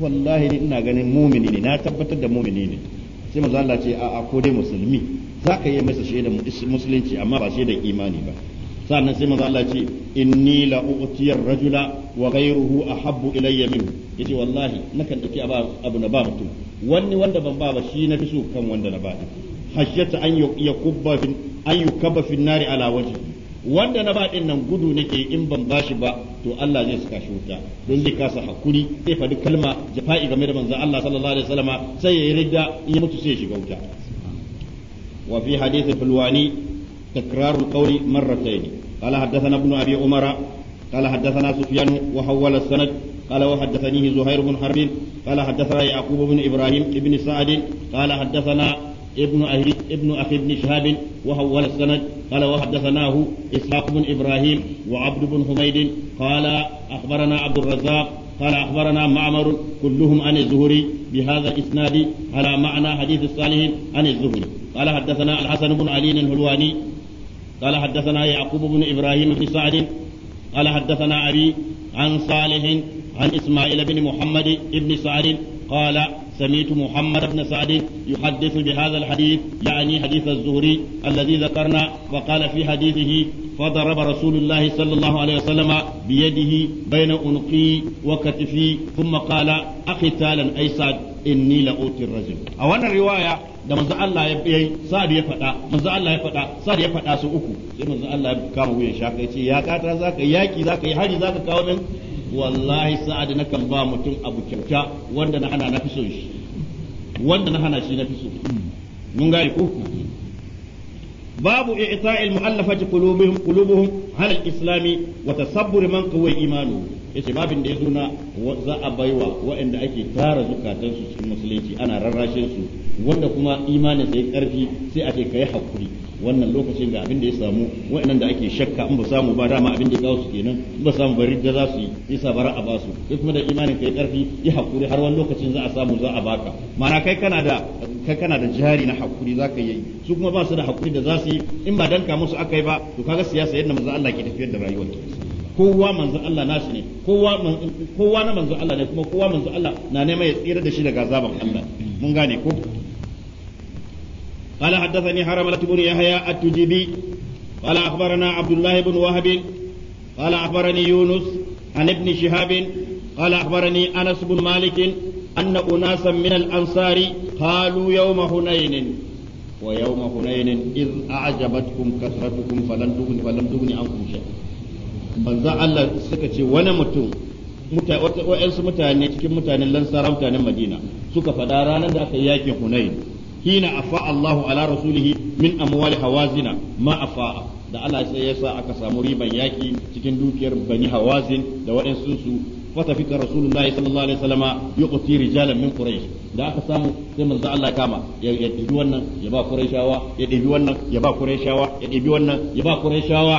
wallahi ni ina ganin mumini ne na tabbatar da mumini ne sai manzo Allah ce a ko dai musulmi zaka yi masa shaidar musulunci amma ba shaidar imani ba sannan sai manzo Allah ce inni la u'tiyar rajula wa ghayruhu ahabbu ilayya min yace wallahi nakan dauki abu na ba mutum wani wanda ban ba ba shi na fi so kan wanda na ba hashyata an yakubba fin an yukabba fin nari ala wajhi wanda na ba din nan gudu nake in ban bashi ba to Allah zai saka shi wuta don zai kasa hakuri zai faɗi kalma jafa'i game da manzo Allah sallallahu alaihi wasallama sai ya yi ridda in ya mutu sai ya shiga wuta wa fi hadith fulwani تكرار القول مرتين قال حدثنا ابن أبي عمر قال حدثنا سفيان وحول السند قال وحدثنيه زهير بن حرب قال حدثنا يعقوب بن إبراهيم بن سعد قال حدثنا ابن أهل ابن أخي بن شهاب وحول السند قال وحدثناه إسحاق بن إبراهيم وعبد بن حميد قال أخبرنا عبد الرزاق قال أخبرنا معمر كلهم عن الزهري بهذا الإسناد على معنى حديث الصالح عن الزهري قال حدثنا الحسن بن علي الهلواني قال حدثنا يعقوب بن إبراهيم بن سعد قال حدثنا أبي عن صالح عن إسماعيل بن محمد بن سعد قال سمعت محمد بن سعد يحدث بهذا الحديث يعني حديث الزهري الذي ذكرنا وقال في حديثه فضرب رسول الله صلى الله عليه وسلم بيده بين عنقي وكتفي ثم قال أقتالا أي سعد إني لأوتي الرجل أولا رواية da manzo Allah ya yi sa'ad ya faɗa manzo Allah ya faɗa sa'ad ya faɗa su uku sai manzo Allah ya kama wuyan shaka ya ce ya kata zaka yaki zaka yi hari zaka kawo nan wallahi sa'ad na kan ba mutum abu kyauta wanda na hana na fi son shi wanda na hana shi na fi so mun gane ko babu i'ta'il mu'allafati qulubihim qulubuhum hal al-islami wa tasabbur man qawwa imanuhum yace babin da ya zo na za a baiwa waɗanda ake tara zukatan su cikin musulunci ana rarrashe su wanda kuma imanin ya karfi sai a ce kai hakuri wannan lokacin da abin da ya samu waɗannan da ake shakka in ba samu ba dama abin da ya kawo su kenan in ba samu bari da za su yi isa bara a basu sai kuma da imanin kai karfi yi hakuri har wani lokacin za a samu za a baka ma'ana kai kana da kai kana da jari na hakuri za ka yi su kuma ba su da hakuri da za su yi in ba danka musu aka yi ba to kaga siyasa yadda manzo Allah ke tafiyar da rayuwar kowa manzo Allah nashi ne kowa kowa na manzo Allah ne kuma kowa manzo Allah na neman ya tsira da shi daga azaban Allah mun gane ko قال حدثني حرملة بن يحيى التجيبي قال أخبرنا عبد الله بن وهب قال أخبرني يونس عن ابن شهاب قال أخبرني أنس بن مالك أن أناسا من الأنصار قالوا يوم هنين ويوم هنين إذ أعجبتكم كثرتكم فلم تغن فلم تغن عنكم شيئا manzan Allah suka ce wani mutum wa'yansu mutane cikin mutanen lansara mutanen madina suka faɗa ranar da aka yakin hunain hina afa Allahu ala rasulihi min amwali hawazina ma afa'a da Allah sai ya sa aka samu riban yaki cikin dukiyar bani hawazin da waɗansu su fata fika rasulullahi sallallahu alaihi wasallama yuqti rijalan min quraish da aka samu sai manzo Allah kama ya ɗibi wannan ya ba qurayshawa ya ɗibi wannan ya ba qurayshawa ya ɗibi wannan ya ba qurayshawa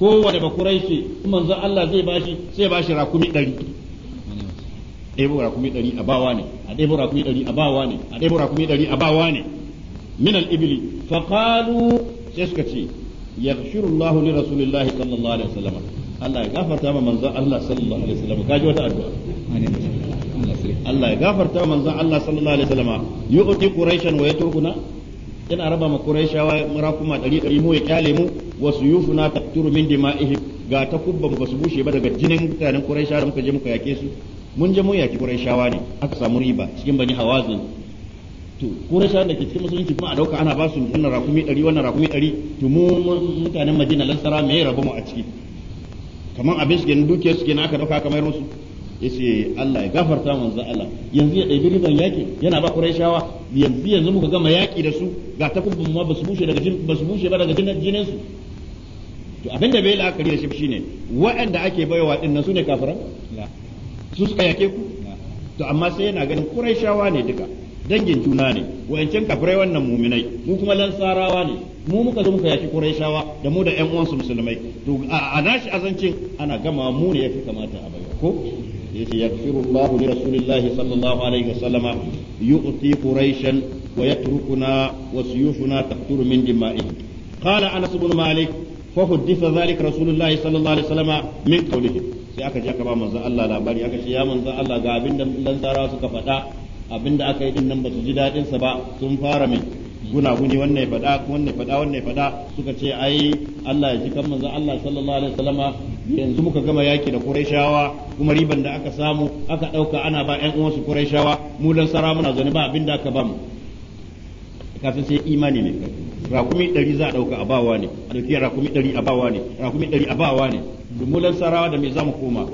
kowane bakuraishi manzo Allah zai bashi sai bashi rakumi 100 ɗebo rakumi 100 a bawa ne a ɗebo rakumi 100 a bawa ne a ɗebo rakumi 100 a bawa ne min al-ibli fa qalu sai suka ce yaghshiru Allah li rasulillah sallallahu alaihi wasallam Allah ya gafarta ma manzo Allah sallallahu alaihi wasallam kaji wata addu'a Allah ya gafarta ma manzo Allah sallallahu alaihi wasallam yu'ti quraishan wa yatrukuna yana raba ma quraishawa murakuma 100 mu ya kyale mu wasu yufuna taqturu min dima'ihi ga ta kubba ba su bushe ba daga jinin mutanen quraishawa da muka je muka yake su mun je mun yaki quraishawa ne aka samu riba cikin bani hawazin to quraishawa da ke cikin musulunci kuma a dauka ana ba su wannan rakumi 100 wannan rakumi 100 to mu mutanen madina lansara me ya rabu mu a ciki kamar abin su kenan dukiyar su kenan aka dauka kamar mayar musu yace Allah ya gafarta manzo Allah yanzu ya ɗebi riban yaki yana ba Qurayshawa yanzu yanzu muka gama yaki da su ga takubbun ma basu bushe daga jin basu bushe ba daga jinin su to abin da bai la'akari da shi shine waɗanda ake baiwa din nan sune kafiran su suka yake ku to amma sai yana ganin Qurayshawa ne duka dangin juna ne wayancin kafirai wannan muminai mu kuma lansarawa ne mu muka zo muka yaki Qurayshawa da mu da ƴan uwansu musulmai to a nashi azancin ana gama mu ne yafi kamata a baiwa ko يغفر الله لرسول الله صلى الله عليه وسلم يؤتي قريشا ويتركنا وسيوفنا تقتل من دمائهم قال انس بن مالك فحدث ذلك رسول الله صلى الله عليه وسلم من قوله sai aka je aka ba manzon Allah labari aka ce ya manzon Allah ga abin da lanzarawa suka faɗa abin da aka yi din nan ba su ji daɗinsa sa ba sun fara mai gunaguni wannan ya faɗa wannan ya faɗa wannan ya faɗa suka ce ai Allah ya ji kan manzo Allah sallallahu alaihi wasallama yanzu muka gama yaki da Qurayshawa kuma riban da aka samu aka ɗauka ana ba ƴan uwansu Qurayshawa mu dan sara muna zane ba abinda aka ba mu kafin sai imani ne rakumi ɗari za a ɗauka a bawa ne a dauki rakumi ɗari a bawa ne rakumi ɗari a bawa ne dan sarawa da me za mu koma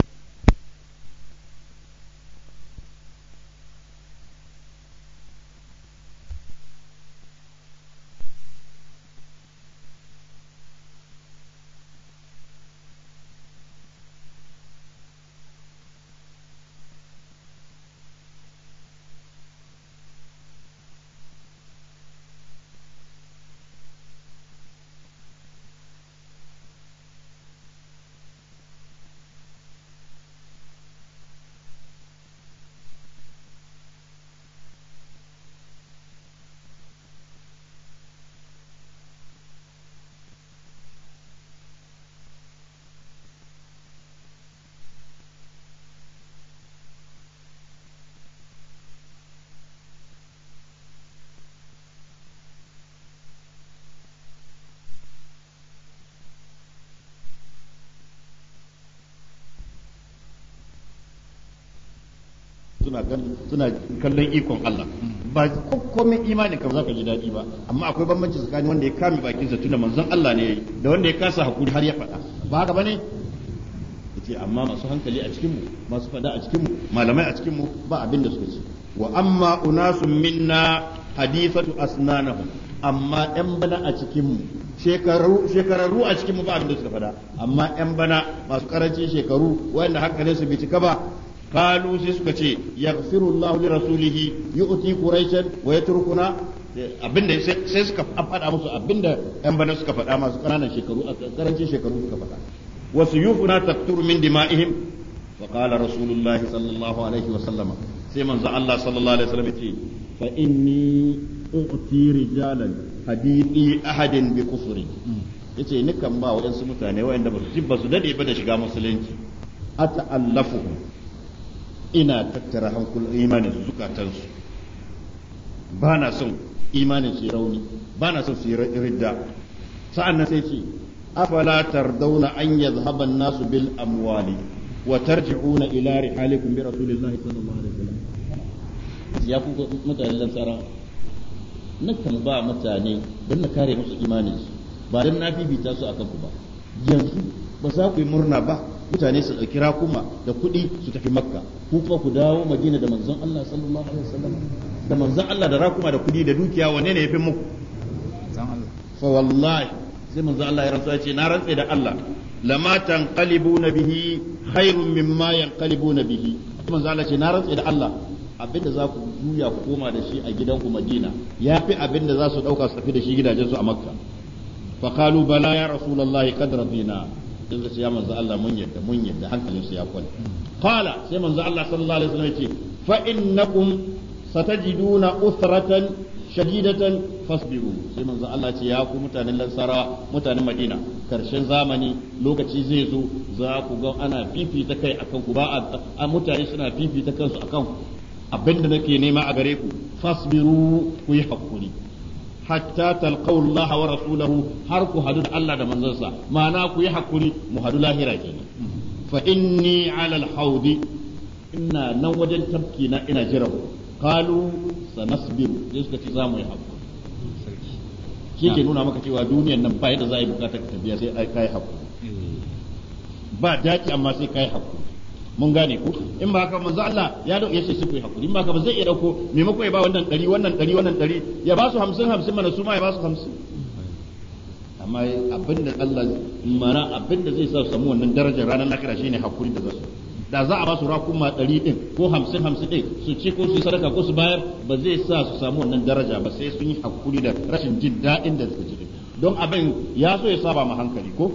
suna kallon ikon Allah ba komai imani ka zaka ji daɗi ba amma akwai bambanci tsakanin wanda ya kame bakin sa tunda manzon Allah ne da wanda ya kasa hakuri har ya faɗa ba haka bane yace amma masu hankali a cikin mu masu fada a cikin mu malamai a cikin mu ba abin da suka ci wa amma unasu minna hadifatu asnanahum amma yan bana a cikin mu shekararru a cikin mu ba abin da suka fada amma yan bana masu karancin shekaru wanda hankalin su bai cika ba قالوا سيسكتي يغفر الله لرسوله يؤتي قريشا ويتركنا abinda sai suka faɗa musu abinda ƴan bana suka faɗa masu ƙananan shekaru a ƙarancin shekaru suka faɗa wasu yufuna taqturu min dima'ihim wa qala rasulullah sallallahu alaihi wa sallama sai manzo Allah sallallahu alaihi wa sallam ce fa inni u'ti rijalan hadidi ahadin bi kufri yace nikan ba waɗansu mutane waɗanda ba su jibba su dade ba da shiga musulunci ata'allafuhum ina tattara hankul imanin zukatansu ba na son imanin su rauni ba na son su ridda sa'an nan sai ce afala tardauna an yadhhaba an-nasu bil amwali wa tarji'una ila rihalikum bi rasulillahi sallallahu alaihi wasallam ya ku mutane dan tsara kan ba mutane don na kare musu imanin su ba dan na fifita su akan ku ba yanzu ba za ku yi murna ba mutane su ɗauki rakuma da kuɗi su tafi makka ku kuma ku dawo madina da manzon Allah sallallahu alaihi wasallam da manzon Allah da rakuma da kuɗi da dukiya wanne ne yafi muku fa wallahi sai manzon Allah ya rantsa ya ce na rantsa da Allah lama tanqalibuna bihi khairun mimma yanqalibuna bihi manzon Allah ce na rantsa da Allah abinda za ku juya ku koma da shi a gidanku Madina yafi abinda za su ɗauka su tafi da shi gidajensu a Makka fa qalu bala ya rasulullahi qad radina sun ce ya manzo Allah mun yadda mun yadda hankalin su ya kwale qala sai manzo Allah sallallahu alaihi wasallam ce fa innakum satajiduna usratan shadidatan fasbiru sai manzo Allah ce ya ku mutanen Lansara mutanen Madina karshen zamani lokaci zai zo za ku ga ana fifita kai akan ku ba a mutane suna fifita kansu akan abinda nake nema a gare ku fasbiru ku yi hakuri hatta talqaw wa rasulahu har ku hadu da Allah da manzonsa ma'ana kuyi hakuri mu hadu lahira kenan fa inni ala al ina nan wajen tafki na ina jira ku qalu sanasbiru sai suka ke nuna maka cewa duniyan nan ba yadda za a yi bukatar tafiya hmm. ba daki amma sai kai hakuri mun gane ku in ba haka manzo Allah ya dauke shi su ku hakuri in ba haka ba zai iya dauko maimako ya ba wannan dari wannan dari wannan dari ya ba su 50 50 mana su ma ya ba su 50 amma abinda Allah abin abinda zai sa su samu wannan darajar ranar lakira shine hakuri da zasu da za a ba su rakuma ɗari din ko hamsin hamsin din su ci ko su sadaka ko su bayar ba zai sa su samu wannan daraja ba sai sun yi hakuri da rashin jin daɗin da suka ji don abin ya so ya saba ma hankali ko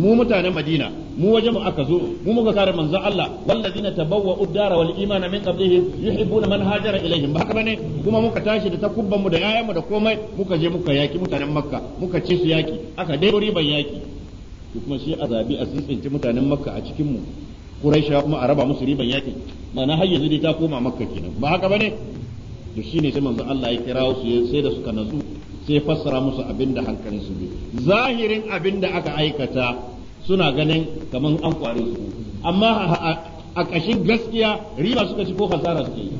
mu mutanen madina mu waje mu aka zo mu muka kare manzon Allah wallazina tabawwa uddara wal imana min qablihim yuhibbuna man hajara ilaihim ba haka bane kuma muka tashi da takubban mu da yayan mu da komai muka je muka yaki mutanen makka muka ci su yaki aka dai riban yaki kuma shi azabi a tsintsince mutanen makka a cikin mu quraisha kuma a raba musu riban yaki ma'ana har yanzu dai ta koma makka kenan ba haka bane to shine sai manzon Allah ya kirawo su sai da suka nazu sai fassara musu abinda hankalin su bi zahirin abinda aka aikata suna ganin kamar an kware su amma a ƙashin gaskiya riba suka ci ko hasara suke yi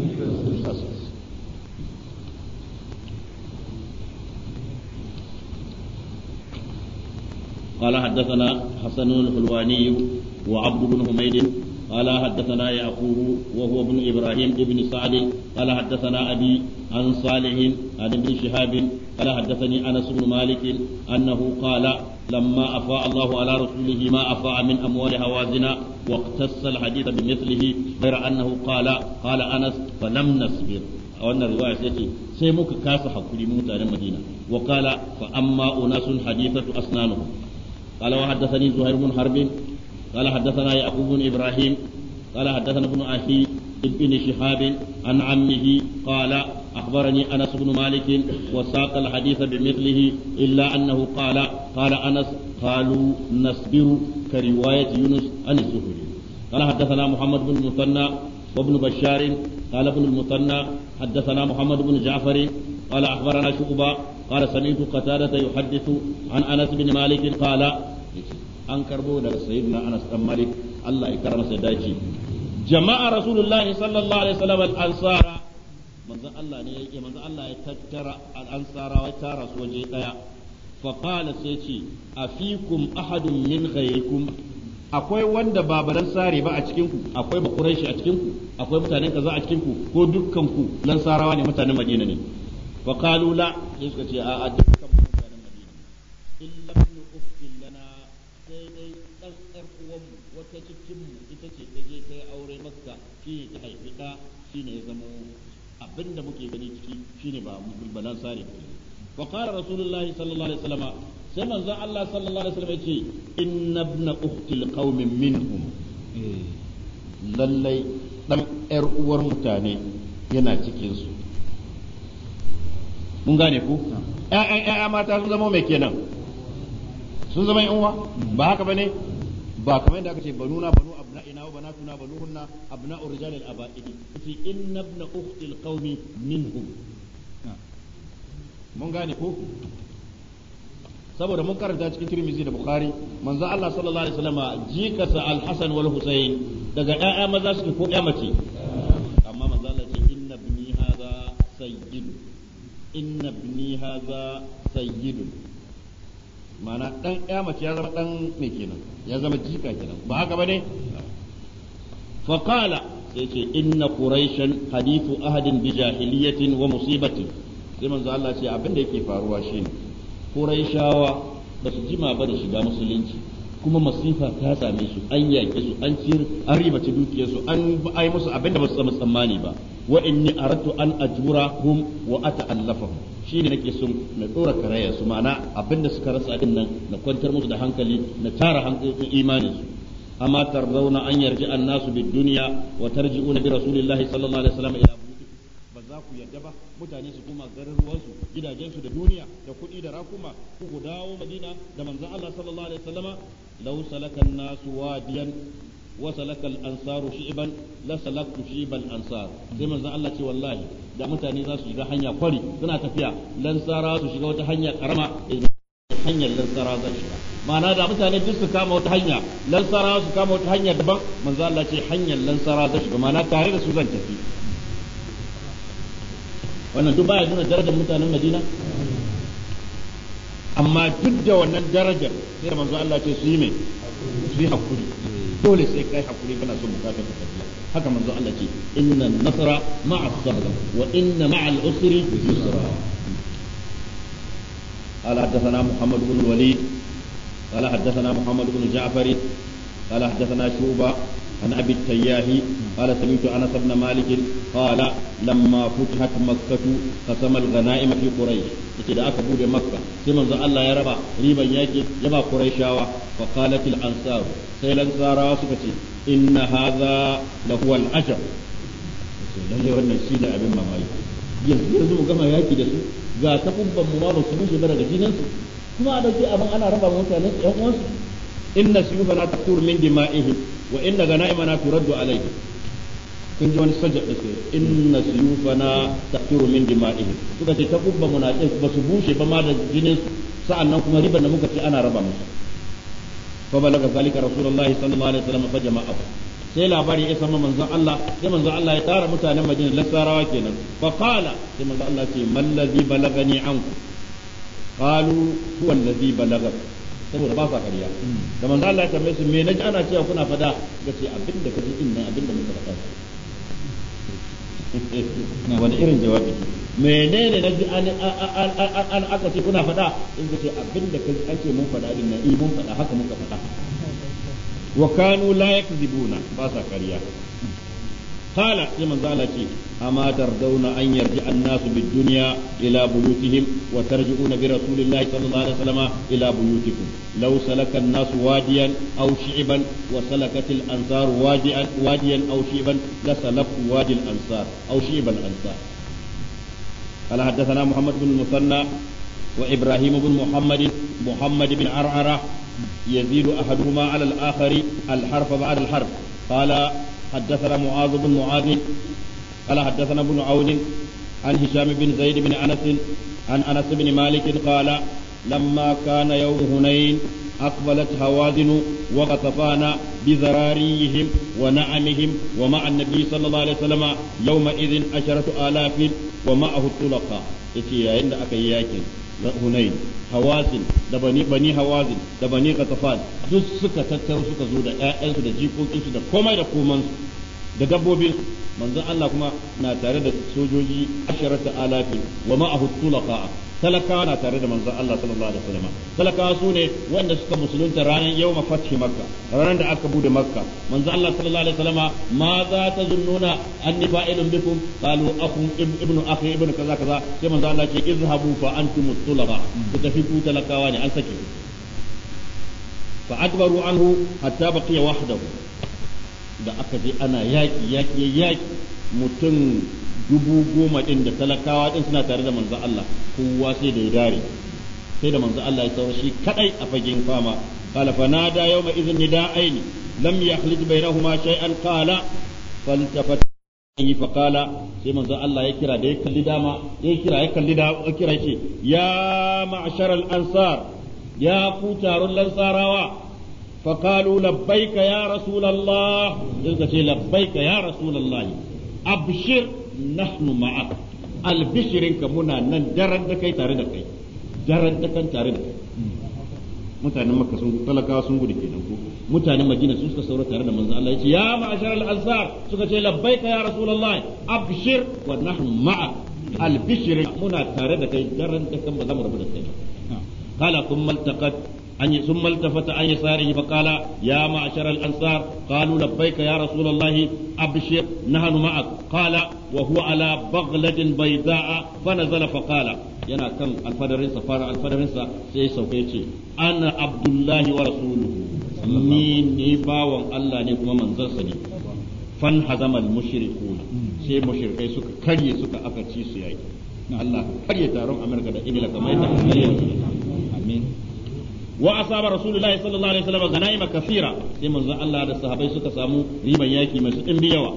قال حدثنا حسن الحلواني وعبد بن حميد قال حدثنا يعقوب وهو ابن ابراهيم بن سعد قال حدثنا ابي عن صالح عن ابن شهاب قال حدثني انس بن مالك انه قال لما أفاء الله على رسوله ما أفاء من أموال هوازنا واقتص الحديث بمثله غير أنه قال قال أنس فلم نصبر a wannan riwaya sai ce sai muka kasa hakuri mu Madina wa qala fa amma unasun hadithatu asnanuhum qala wa haddathani zuhair bin harb ibrahim qala haddathana ibn بن شهاب عن عمه قال أخبرني أنس بن مالك وساق الحديث بمثله إلا أنه قال قال أنس قالوا نصبر كرواية يونس عن الزهري قال حدثنا محمد بن المثنى وابن بشار قال ابن المثنى حدثنا محمد بن جعفر قال أخبرنا شعبة قال سمعت قتادة يحدث عن أنس بن مالك قال an karbo daga sayyidina Anas dan Malik Allah ya karama sa dace jama'a rasulullahi sallallahu alaihi wasallam al-ansara manzo Allah ne yake manzo Allah ya tattara al-ansara ya tara su waje daya fa qala sai ce afikum ahadun min ghayrikum akwai wanda ba baran sare ba a cikin ku akwai bakuraishi a cikin ku akwai mutanen kaza a cikin ku ko dukkan ku nan sarawa ne mutanen Madina ne fa qalu la sai suka ce a a dukkan mutanen Madina illa ibn ukhti lana sai dai dan ɗan uwan mu wata cikin mu shi ya haifi da shi ne ya zama da muke gani ciki shi ne ba balan sare wa qala rasulullahi sallallahu alaihi wasallam sai manzo Allah sallallahu alaihi wasallam yace inna ibna ukhtil qaumin minhum eh, lallai dan yar uwar mutane yana cikin su mun gane ku ƴaƴan ƴaƴa mata sun zama mai kenan sun zama yan uwa ba haka bane ba kamar yadda aka ce banuna banu abna'ina wa banatuna banuhunna abna'ur rijal al aba'idi fi inna ibn ukhti al qaumi minhum mun gane ko saboda mun karanta cikin Tirmidhi da Bukhari manzo Allah sallallahu alaihi wasallam jikasa al Hasan wal Husayn daga ƴaƴa maza suke ko ƴa mace amma manzo Allah ce inna ibni hadha sayyid inna ibni hadha sayyidun mana dan ya mace ya zama dan ne kenan ya zama jika kenan ba haka bane fa qala ce inna quraishan hadithu ahadin bi jahiliyatin wa musibatin sai manzo Allah ce abin da yake faruwa shine quraishawa ba su jima ba da shiga musulunci kuma masifa ta same su an yaƙe su an ciyar an ribace dukiyarsu an ai musu abin da ba su tsammani ba wa inni aratu an ajura hum wa ata'allafahum shi ne nake son na tsora karaya su ma'ana abin da suka rasa din nan na kwantar musu da hankali na tara hankalin imani su amma tarzauna an yarji an nasu bid duniya wa tarji'una bi rasulillah sallallahu alaihi wasallam ila ba za ku yarda ba mutane su kuma garuruwansu gidajensu da duniya da kuɗi da rakuma ku ku dawo madina da manzon Allah sallallahu alaihi wasallama لو سلك الناس واديا وسلك الانصار شعبا لسلكت شعب الانصار زي ما الله والله da mutane za su shiga hanya kwari suna tafiya lansara su shiga wata hanya karama hanyar lansara za shiga ma'ana da mutane duk su kama wata hanya lansara su kama wata hanya daban manzo Allah ce hanyar lansara za shiga ma'ana tare da su zan tafi wannan duk baya nuna darajar mutanen Madina amma duk da wannan darajar sai da manzo Allah ce su yi mai su yi hakuri dole sai kai hakuri kana son bukatar ka tafiya haka manzo Allah ce inna nasra ma'a sabr wa inna ma'a al-usri yusra قال حدثنا محمد بن الوليد قال حدثنا محمد بن جعفر قال حدثنا شوبة عن أبي التياه قال سمعت أنس بن مالك قال لما فتحت مكة قسم الغنائم في قريش إذا أكبر مكة ثم الله يربى ريبا يجي يبا قريشاوة فقالت الأنصار سيلا سارا سكتي إن هذا لهو العجب lalle wannan shi ne abin mamaki yanzu yanzu mu gama yaki da su ga takubban mu ma ba su rushe ba daga jinin su kuma a dauke abin ana raba mutane su ƴan uwansu inna na takur min dima'ihim wa inna ganaimana turaddu alayhi kun ji wani sajja da ke inna na takur min dima'ihim suka ce ta kubba munafiq ba su bushe ba ma da jinin su sa'annan kuma riban da muka ci ana raba musu fa balaga zalika rasulullahi sallallahu alaihi wasallam fa jama'a sai labari ya sama manzon Allah sai manzon Allah ya tara mutanen Madina lasarawa kenan fa qala sai manzon Allah ce mallazi balagani anku qalu huwa allazi balagaka saboda ba sa kariya da manzo Allah ya tambaye su me naji ana cewa kuna fada abin da kaji din nan abin da muka faɗa na wani irin jawabi menene na ji an an aka ce kuna faɗa in ka ce abin da an ce mun faɗa din nan in eh, mun faɗa haka muka faɗa wa kanu la yakzibuna ba sa kariya قال لمن ذلك أما ترضون أن يرجع الناس بالدنيا إلى بيوتهم وترجعون برسول الله صلى الله عليه وسلم إلى بيوتكم لو سلك الناس واديا أو شعبا وسلكت الأنصار واديا, واديا أو شعبا لسلكوا وادي الأنصار أو شعب الأنصار قال حدثنا محمد بن المثنى وإبراهيم بن محمد محمد بن عرعرة يزيد أحدهما على الآخر الحرف بعد الحرف قال حدثنا معاذ بن معاذ قال حدثنا ابن عون عن هشام بن زيد بن أنس عن أنس بن مالك قال لما كان يوم هنين أقبلت هوازن وغطفان بزراريهم ونعمهم ومع النبي صلى الله عليه وسلم يومئذ عشرة آلاف ومعه الطلقاء يتي عند أكياكن da hunain hawazin da bani bani hawazin da bani qatafan duk suka tattaro suka zo da ƴaƴansu da su da komai da komansu da dabbobin manzon Allah kuma na tare da sojoji asharata alafin wa ma'ahu tulaqa'a talakawa na tare da manzon Allah sallallahu alaihi wasallam talakawa su ne wanda suka musulunta ranar yawma fathi makka ranar da aka bude makka manzon Allah sallallahu alaihi wasallam ma za ta zunnuna anni fa'ilun bikum qalu akhun ibnu akhi ibnu kaza kaza sai manzon Allah ce izhabu fa antum tulaba ku tafi ku talakawa ne an sake fa adbaru anhu hatta baqiya wahdahu da aka je ana yaki yaki yaki mutum dubu goma ɗin da talakawa ɗin suna tare da manzon Allah kowa sai da ya dare sai da manza Allah ya saura shi kadai a fagen fama qala fanada yawma idhin nida'aini lam yakhlid bainahuma shay'an qala yi sai manzon Allah ya kira da ya kalli dama ya kira ya kalli da ya kira shi ya ansar ya ku taron lansarawa nahnu ma'ak albishirinka muna nan daren da kai tare da kai daren da kan tare da kai mutanen makka sun talakawa sun gudu kenan ko mutanen madina sun suka saura tare da manzo Allah yace ya ma'ashar al-ansar suka ce labbaika ya rasulullahi abshir wa nahnu ma'ak albishir muna tare da kai daren da kan ba za mu rabu da kai ba قال ثم an yi sun maltafata an yi tsari ba kala ya ma'ashar ansa kalu labbai ka ya rasulallahi abishir na hannu ma'ak kala wa huwa ala bagladin bai za'a fana zala fa kala yana kan alfadarinsa fara alfadarinsa sai sauke ce ana abdullahi wa rasuluhu ni ne bawan allah ne kuma manzansa ne fan hazamal mushriku sai mushrikai suka karye suka aka ci su yaki Allah karye taron amirka da Ingila kamar yadda Amin. wa asaba rasulullahi sallallahu alaihi wasallam ganaima kasira sai manzon Allah da sahabbai suka samu riban yaki mai din biyawa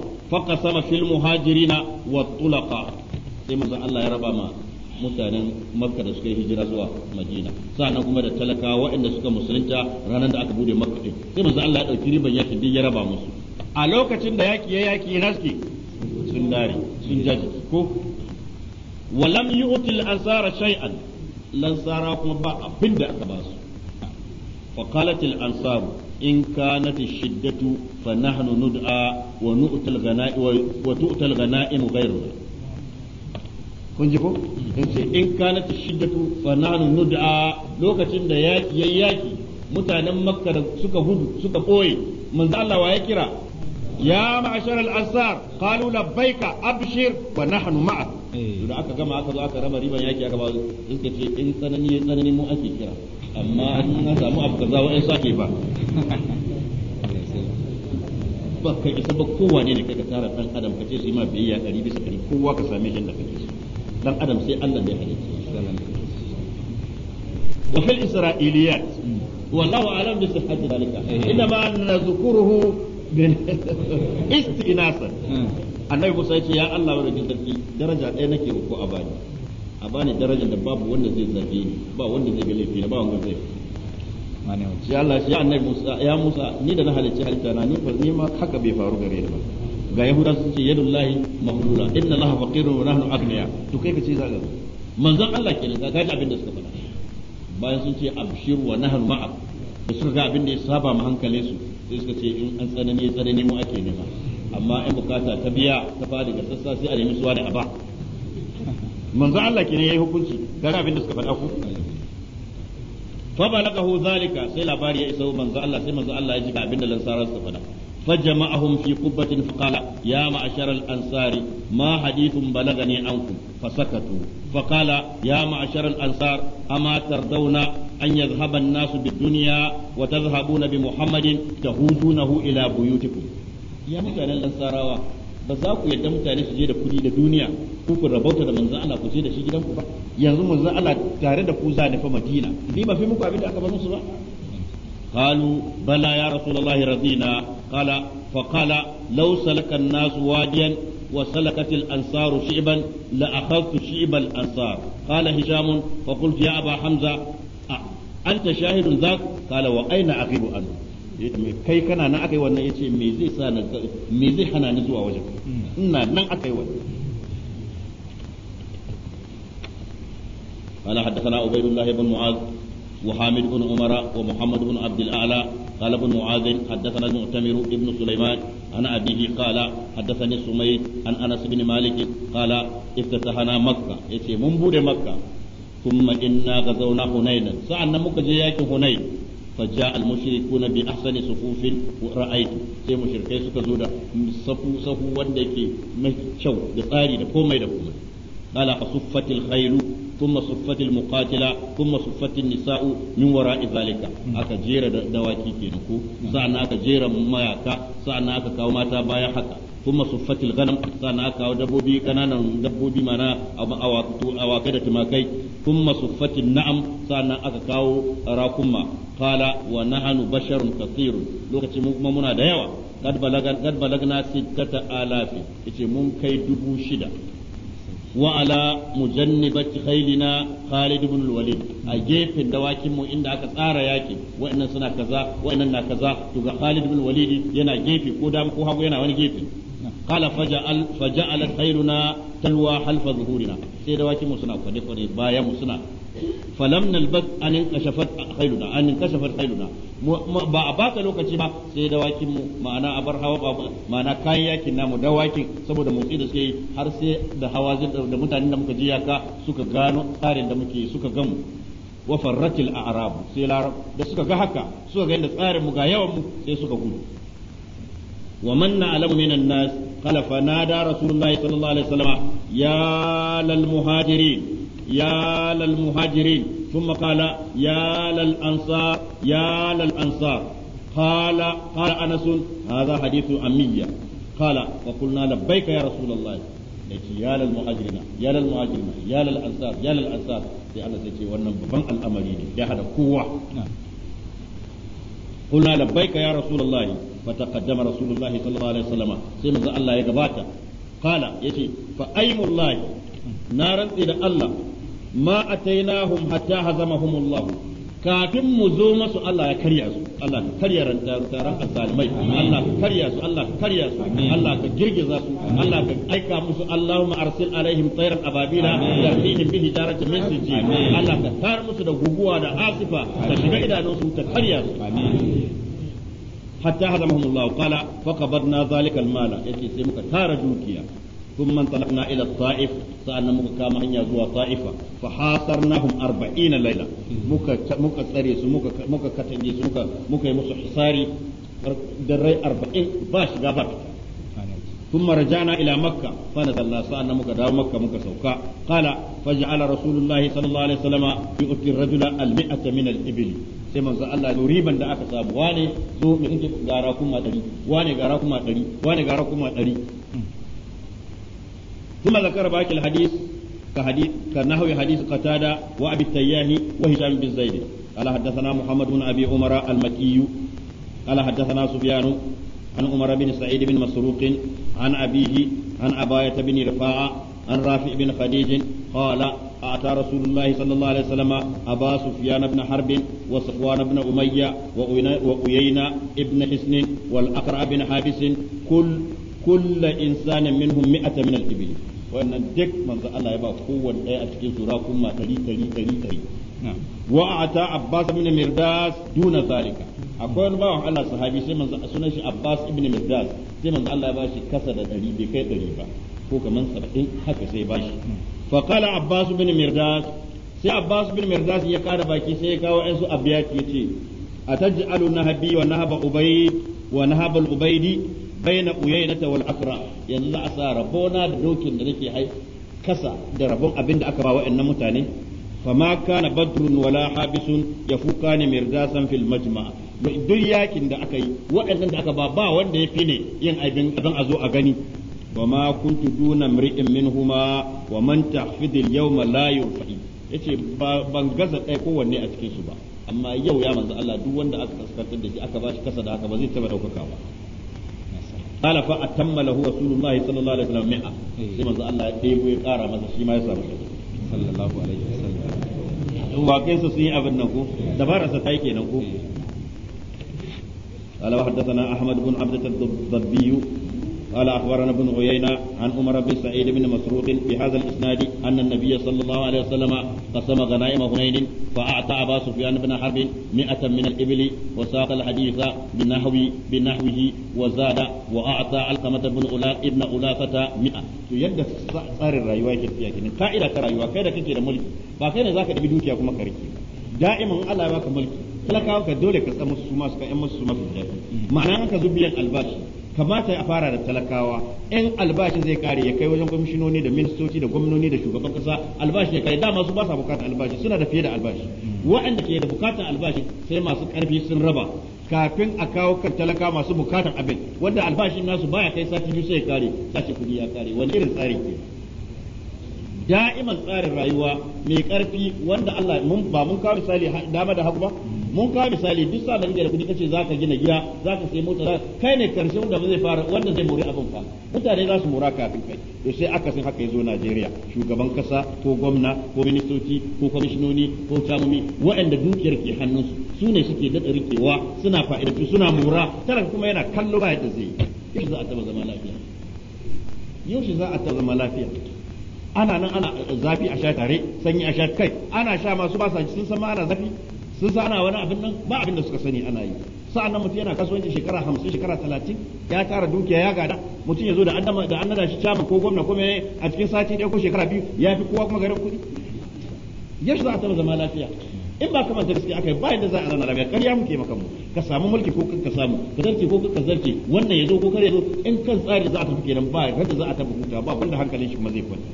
sama fil muhajirina wa tulaqa sai manzon Allah ya raba ma mutanen makka da suka yi hijira zuwa madina Sannan kuma da talakawa waɗanda suka musulunta ranar da aka bude makka din sai manzon Allah ya dauki riban yaki din ya raba musu a lokacin da yaki ya yaki naski sun dare sun jaji ko Wa walam yu'til ansara shay'an lansara kuma ba abinda aka ba su فقالت الأنصار إن كانت الشدة فنحن ندعى ونؤتى الغنائم وتؤتى الغنائم غيرنا kun ji ko in kana shiddatu fa nahnu nud'a lokacin da yaki yayyaki mutanen makka suka gudu suka koye manzo Allah wa ya kira ya ma'ashar al-ansar qalu labbaika abshir wa nahnu ma'ak da aka gama aka zo aka raba riban yaki aka ba su ce in tsanani tsanani mu ake kira amma an samu abu kaza wa'in sake ba ba ka isa ba kowa ne ka tara dan adam ka kace shi ma biyayya ɗari bisa ɗari kowa ka same shi da kake so dan adam sai Allah ne halitta wa fil isra'iliyat wallahu a'lam bi sihhati dalika ina ma nazkuruhu bil istinasa. Hmm. annabi Musa ya ce ya Allah wa rajin sarki daraja ɗaya nake uku a bani a bani daraja da babu wanda zai zabe ni ba wanda zai ga laifi ba wanda zai ya Allah ya annabi Musa ya Musa ni da na halicci halitta na ni fa ni ma haka bai faru gare ni ba ga yahuda sun ce yadullahi mahdura inna allaha faqirun wa nahnu aghniya to kai kace zaga manzon Allah kenan ga gaji abin da suka faɗa bayan sun ce abshir wa nahnu ma'ak da suka ga abin da ya saba mu hankalin su sai suka ce in an tsanani tsanani mu ake nema amma in bukata ta biya ta fadi ga sassa sai a nemi suwa da aba manzo Allah kenan yayi hukunci ga abin da suka faɗa ku fa balaghu zalika sai labari ya isa manzo Allah sai manzo Allah ya ji ga abin da lansara suka faɗa fa jama'ahum fi qubbatin fa ya ma'ashara ansari ma balaga ne anku fa sakatu fa ya ma'ashara al-ansar ama tardawna an yadhhaba an-nasu bid-dunya wa tadhhabuna bi muhammadin tahuduna ila buyutikum ya mutanen lansarawa ba za ku yadda mutane su je da kuɗi da duniya ko ku rabauta da manzon Allah ku je da shi gidanku ba yanzu manza Allah tare da ku za ni fa Madina ni ba fi muku abin da aka bar musu ba قالوا بلى يا رسول الله رضينا قال فقال لو سلك الناس واديا وسلكت الأنصار شعبا لأخذت شعب الأنصار قال هشام فقلت يا أبا حمزة أنت شاهد ذاك قال وأين أغيب عنه mai kai kana nan aka yi wannan ya me zai sa na me zai hana ni zuwa wajen ina na ubaidullahi ibn umara wa muhammad ibn abd al'ala قال ابن معاذ حدثنا المؤتمر ابن سليمان عن ابيه قال حدثني سميد عن انس بن مالك قال افتتحنا مكه يتي من بود مكه ثم انا غزونا هنينا سالنا مكه فجاء المشركون بأحسن صفوف رأيت sai mushrikai suka zo da safu safu wanda yake mai kyau da tsari da komai da komai qala asuffat alkhairu thumma suffat almuqatila thumma suffat nisa'u min wara'i zalika aka jera dawaki kenan ko sa'an aka jera mayaka sa'an aka kawo mata bayan haka kuma suffatil ganam sannan aka kawo dabbobi nan dabbobi mana awakai da tumakai kuma suffatil na'am sannan aka kawo rakumma kala wa nahanu basharun katsirun lokacin kuma muna da yawa gad balagna sittata alafi yace mun kai dubu shida wa ala mujannibat khailina Khalid ibn Walid a gefen dawakin mu inda aka tsara yaki wa'annan suna kaza wa'annan na kaza to ga Khalid ibn Walid yana gefe ko da ko hagu yana wani gefe qala faja'al faja'alat khayruna talwa halfa zuhurina sai da waki mu suna kwade kwade baya mu suna falam nalbas an kashafat khayruna an kashafat khayruna ba a baka lokaci ba sai da mu ma'ana abar ba ma'ana kayan yakin namu da wakin saboda motsi da suke har sai da hawa da mutanen da muka ji yaka suka gano tsarin da muke suka gamu wa farratil a'rab sai larab da suka ga haka suka ga yadda tsarin mu ga yawan mu sai suka gudu wa man nas قال فنادى رسول الله صلى الله عليه وسلم يا للمهاجرين يا للمهاجرين ثم قال يا للأنصار يا للأنصار قال قال أنس هذا حديث أمية قال فقلنا لبيك يا رسول الله yake ya lal muhajirina ya lal muhajirina ya lal ansar ya lal ansar sai Allah sai wannan babban al'amari ne ya hada kowa ya فتقدم رسول الله صلى الله عليه وسلم سيما الله يقباتا قال يتي فأيم الله نارا إلى الله ما أتيناهم حتى هزمهم الله kafin mu zo masu Allah ya karya su Allah ka karya taron azalimai Allah ka karya su Allah ka karya su Allah ka girgiza su Allah ka aika musu Allahumma arsil alaihim tayran ababila yarhihim bi hijarati min sijil ka tar musu da guguwa da asifa da idanunsu ta karya حتى هدمهم الله قال فقبضنا ذلك المال يتي سيمك تار دوكيا ثم انطلقنا إلى الطائف سألنا مكة كما هي زوا طائفة فحاصرناهم أربعين ليلة مكة مكة تريس مكة مكة كتنجيس مكة مكة يمس حصاري دري أربعين باش غابت ثم رجعنا إلى مكة فنزلنا سألنا مكة دار مكة مكة سوكا قال فجعل رسول الله صلى الله عليه وسلم يؤتي الرجل المئة من الإبل sai manzo Allah to riban da aka samu wane zo mai kake gara kuma dari wane gara kuma dari wane gara kuma dari kuma zakar baki alhadis ka hadith ka qatada wa abi tayyani wa hisham bin zaid ala hadathana muhammad ibn abi umar al-makki ala hadathana sufyan an umar bin sa'id bin masruq an abihi an abaya bin rifa'a عن رافع بن خديج قال أتى رسول الله صلى الله عليه وسلم أبا سفيان بن حرب وصفوان بن أمية وأيينة بن حسن والأقرع بن حابس كل كل إنسان منهم مئة من الإبل وأن الدك من الله يبقى قوة أي أتكين سراكم ما تري تري تري تري وأعطى عباس بن مرداس دون ذلك akwai wani bawan Allah sahabi sai manzo sunan shi Abbas ibn Mirdas sai manzo Allah ya bashi kasa da 100 bai kai 100 ba ko kaman saba'in haka sai ba shi fa qala abbas bin mirdas sai abbas bin mirdas ya kara baki sai ya kawo ayansu abiyat yace ataj'alu nahabi wa nahaba ubayd wa nahaba ubaidi ubaydi bayna uyaynata wal akra yanzu za a sa rabona da dokin da nake hai kasa da rabon abin da aka ba wa'annan mutane فما wala بدر ya حابس يفوقان مرداسا في المجمع duk yakin da aka yi waɗannan da aka ba ba wanda ya fi ne yin abin abin a zo a gani وما كنت دون امرئ منهما ومن تحفظ اليوم لا يرفعي yace ban gaza ɗaya kowanne a cikin su ba amma yau ya manzo Allah duk wanda aka kaskantar da shi aka bashi kasa da haka ba zai taba daukaka ba qala fa atamma lahu rasulullah sallallahu alaihi wasallam mi'a sai manzo Allah ya ɗebo ya ƙara masa shi ma ya samu sallallahu alaihi wasallam in waƙensa sun yi abin nan ko dabararsa ta yi kenan ko قال وحدثنا احمد بن عبد الضبي قال أخبرنا ابن عيينة عن عمر بن سعيد بن مسروق بهذا الإسناد أن النبي صلى الله عليه وسلم قسم غنائم هنين فأعطى أبا سفيان بن حرب مئة من الإبل وساق الحديث بنحو بنحوه وزاد وأعطى علقمة بن أولاك ابن أولاكة مئة يد صار الرأيوة كتير قائلة الرأيوة كيدا كتير ملك فكان ذاك بدوك يا كما كريكي دائما الله يبارك ملك talakawa ka dole ka samu su masu ka yan masu su masu daɗi ma'ana an ka zo biyan albashi kamata a fara da talakawa in albashin zai kare ya kai wajen kwamishinoni da ministoci da gwamnoni da shugaban kasa albashi ya kare dama su ba sa bukatar albashi suna da fiye da albashi waɗanda ke da bukatar albashi sai masu ƙarfi sun raba kafin a kawo kan talaka masu bukatar abin wanda albashin nasu baya kai sati biyu sai ya kare sace kuɗi ya kare wani irin tsari ke da'iman tsarin rayuwa mai karfi wanda Allah mun ba mun kawo misali dama da haku ba mun kawo misali duk sa da da kudi kace zaka gina gida zaka sai mota kai ne karshe wanda zai fara wanda zai mori abun fa mutane za su mora kafin kai to sai aka san haka yazo Najeriya shugaban kasa ko gwamna ko ministoci ko kwamishinoni ko tamomi waɗanda dukiyar ke hannunsu su ne suke da rikewa suna fa'idatu suna mora tara kuma yana kallo ba yadda zai yi za a taba zama lafiya za a zama lafiya ana nan ana zafi a sha tare sanyi a sha kai ana sha masu ba sa sun san ma ana zafi sun san ana wani abin nan ba abin da suka sani ana yi sa'an nan mutum yana kasuwanci shekara hamsin shekara talatin ya tara dukiya ya gada mutum ya zo da an da annada shi caman ko gwamna ko mene a cikin sati ɗaya ko shekara biyu ya fi kowa kuma garin kuɗi Ya shi za a taɓa zama lafiya in ba kamar gaske akai ba yadda za a rana lafiya ƙarya muke maka mu ka samu mulki ko ka samu ka zarce ko ka zarce wannan ya zo ko kar ya zo in kan tsari za a tafi kenan ba yadda za a tafi huta ba wanda hankalin shi kuma zai kwanta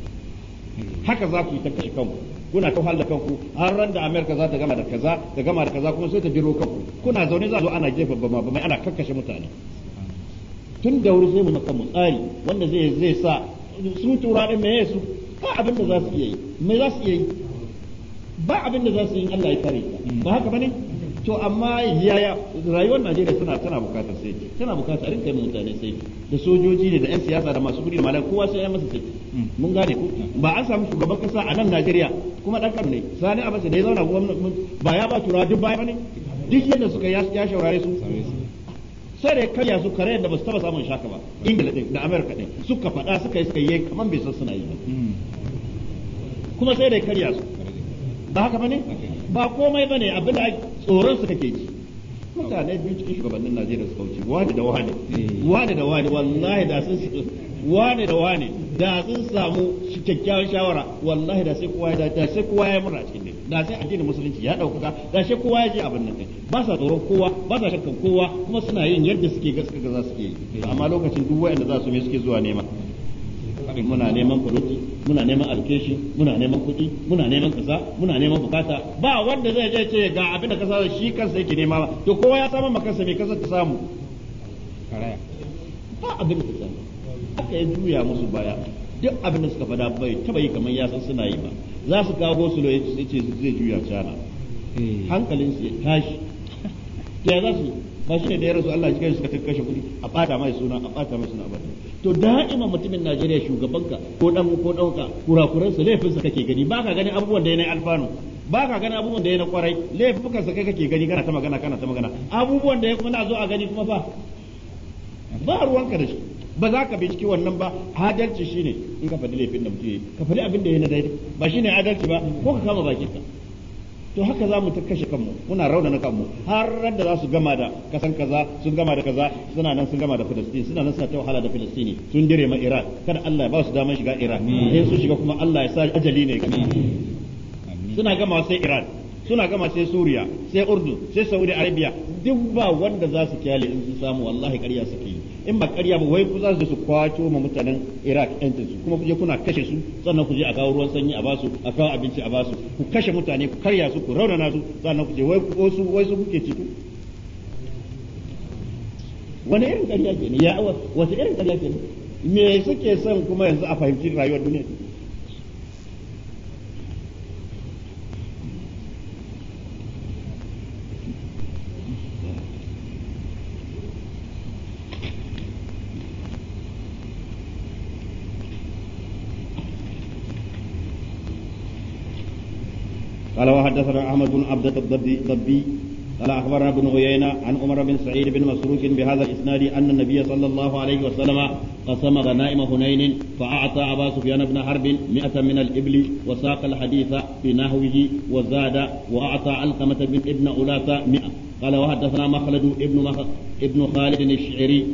haka za ku yi ta kashe kanku kuna ta da kanku har ran da Amerika za ta gama da kaza ta gama da kaza kuma sai ta biro kanku kuna zaune za zo ana jefa bama bama ana kakkashe mutane tun da wuri sai mu naka tsari wanda zai zai sa su tura din me yasu ba abin da za su yi me za su yi ba abin da za su yi Allah ya kare ba haka bane to amma yaya rayuwar Najeriya suna tana bukatar sai tana bukatar rinka yin mutane sai da sojoji ne da yan siyasa da masu kudi da malam kowa sai ya masa sai hmm. mun gane ko ba an samu shugaban kasa a nan Najeriya kuma dan kan ne sani abasa da ya zauna gwamnati ba ya ba tura duk baya ne duk yadda suka ya shaurare su sai da karya su kare da basu taba samun shaka ba ingila din da amerika din suka faɗa suka yi suka yi kaman bai san suna yi ba hmm. kuma sai da karya su ba haka bane ba komai bane abin da tsoron su kake ji mutane biyu cikin shugabannin Najeriya suka wuce wani da wani wani da wani wallahi da sun wani da wani da sun samu kyakkyawan shawara wallahi da sai kowa ya da sai kowa ya mura cikin ne da sai addinin musulunci ya dauka da sai kowa ya ji abin nan ba sa tsoron kowa ba sa shakkan kowa kuma suna yin yadda suke gaskiya za su yi amma lokacin duk wayanda za su me suke zuwa nema muna neman kuruci muna neman alkeshi muna neman kuɗi muna neman kasa muna neman bukata ba wanda zai je ce ga abin da kasa shi kansa yake nema ba to kowa ya samu makansa mai kasa ta samu karaya ba abin da samu aka ya juya musu baya duk abin da suka fada bai taba yi kamar ya san suna yi ba za su kawo su ya ce zai juya cana eh. hankalin su ya tashi ya za su ba shi ne da ya rasu Allah shi kai suka kashe kuɗi a bata mai suna a bata mai suna a bata to da'ima mutumin Najeriya shugabanka ko dan ko dauka kurakuran su laifin sa kake gani baka gani abubuwan da yana alfanu baka gani abubuwan da yana kwarai laifukan sa kai kake gani kana ta magana kana ta magana abubuwan da kuma zo a gani kuma ba ba ruwanka da shi ba za ka bi binciki wannan ba adalci shine in ka fadi laifin da mutum ka fadi abin da yana daidai ba shine adalci ba ko ka kama bakin ka to haka za mu ta kashe kanmu muna raunana kanmu har da za su gama da kasan kaza sun gama da kaza suna nan sun gama da Filistin suna nan suna ta wahala da filistini sun dire ma Iran kada Allah ya ba su daman shiga Iran in su shiga kuma Allah ya sa ajali ne suna gama sai Iran suna gama sai Suriya sai Urdu sai Saudi Arabia duk ba wanda za su kyale in su samu wallahi ƙarya suke yi in ba ƙarya ba wai ku za su kwato ma mutanen Iraq yancin su kuma kuje kuna kashe su sannan kuje a kawo ruwan sanyi a basu a kawo abinci a basu ku kashe mutane ku karya su ku raunana su sannan kuje wai su wai su kuke ciki wani irin ƙarya ke ne ya wasu irin ƙarya ke ne me suke son kuma yanzu a fahimci rayuwar duniya قال وحدثنا احمد بن عبد الضبي قال اخبرنا ابن عيينه عن عمر بن سعيد بن مسروق بهذا الاسناد ان النبي صلى الله عليه وسلم قسم غنائم هنين فاعطى ابا سفيان بن حرب 100 من الابل وساق الحديث بنحوه وزاد واعطى علقمه بن ابن اولاثه 100 قال وحدثنا مخلد ابن مخ... ابن خالد الشعري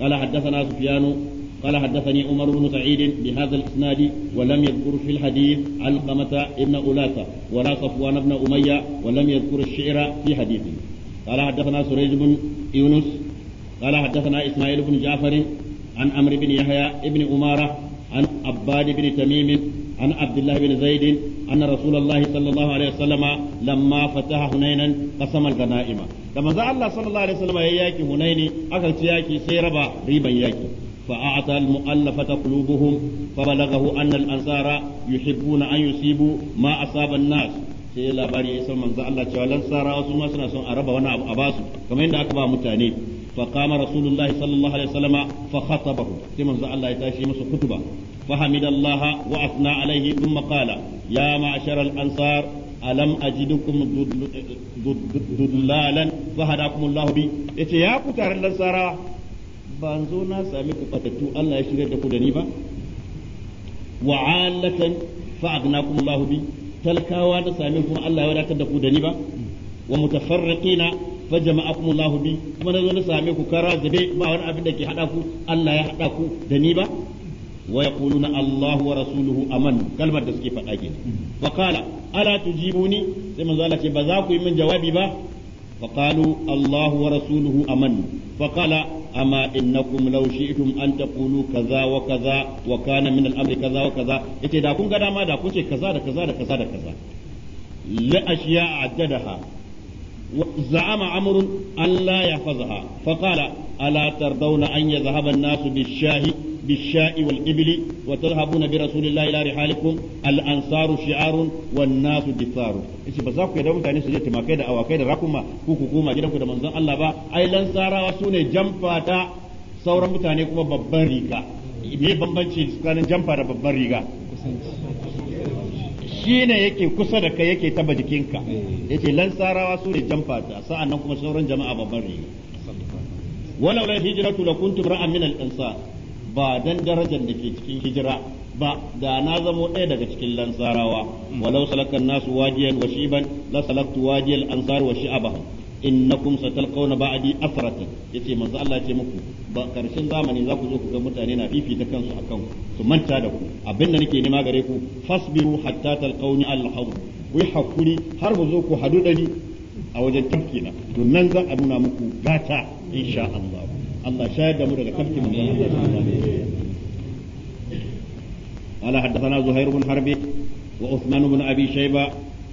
قال حدثنا سفيان قال حدثني عمر بن سعيد بهذا الاسناد ولم يذكر في الحديث علقمة ابن أولاثة ولا صفوان بن أمية ولم يذكر الشعر في حديثه قال حدثنا سريج بن يونس قال حدثنا إسماعيل بن جعفر عن عمرو بن يحيى بن أمارة عن عباد بن تميم عن عبد الله بن زيد أن رسول الله صلى الله عليه وسلم لما فتح هنينا قسم الغنائم لما ذا الله صلى الله عليه وسلم ياكي هنيني أكلت ياكي سيربا ريبا ياكي فأعطى المؤلفة قلوبهم فبلغه أن الأنصار يحبون أن يصيبوا ما أصاب الناس sai labari ya san manzo Allah cewa ma suna son a raba wani abu a basu kamar yadda aka ba mutane fa qama rasulullahi sallallahu alaihi wasallama fa khatabahu sai manzo Allah ya tashi masa kutuba fa hamidallaha wa asna alaihi thumma qala ya ma'shara al-ansar alam ajidukum dudlalan fa hadakum Allah bi yace ya ku ba zo na sami ku fatattu Allah ya shirya da ku da ni ba wa alatan Allah bi talakawa da sami Allah ya wadatar da ku da ni ba wa mutafarriqina fa jama'akum Allah bi kuma na zo na sami ku kara zabe ba wani abin da ke hada ku Allah ya hada ku da ni ba wa yaquluna Allah wa rasuluhu aman kalmar da suke fada kenan wa qala ala tujibuni sai manzo Allah ce ba za ku yi min jawabi ba فقالوا الله أما إنكم لو شئتم أن تقولوا كذا وكذا وكان من الأمر كذا وكذا إذا دا كن قد ما دا كن كذا دا كذا دا كذا دا كذا لأشياء عددها زعم عمرو أن لا يحفظها فقال ألا ترضون أن يذهب الناس بالشاهد بالشاء والإبل وتذهبون برسول الله إلى رحالكم الأنصار شعار والناس دثار إيش بزاف كده متعني سجدت ما كده أو كده ركما كوكو كوما جدا كده منزل الله با أي لنصارى وسونة جنفاتا sauran mutane kuma babban riga me bambanci tsakanin jamfa babban riga shi ne yake kusa da kai yake taba jikinka yace lansarawa su ne jamfata sa'an nan kuma sauran jama'a babban riga walau la hijratu lakuntum ra'an min al-ansar ba dan darajar da ke cikin hijira ba da na zamo ɗaya daga cikin lansarawa walau salakan nasu wajiyan wa shiban la salaktu wajiyal ansar wa shi'aba innakum satalqawna ba'di afratan yace manzo Allah ce muku ba karshen zamani za ku zo ku ga mutane na fifita kansu akan su manta da ku abinda nake nema gare ku fasbiru hatta talqawni al-hawd ku hakuri har mu zo ku hadu da ni a wajen tafkina to nan za a nuna muku gata insha Allah Allah shayar da mu daga tafkin manzon Allah sallallahu alaihi wasallam قال حدثنا زهير بن حرب وعثمان بن ابي شيبه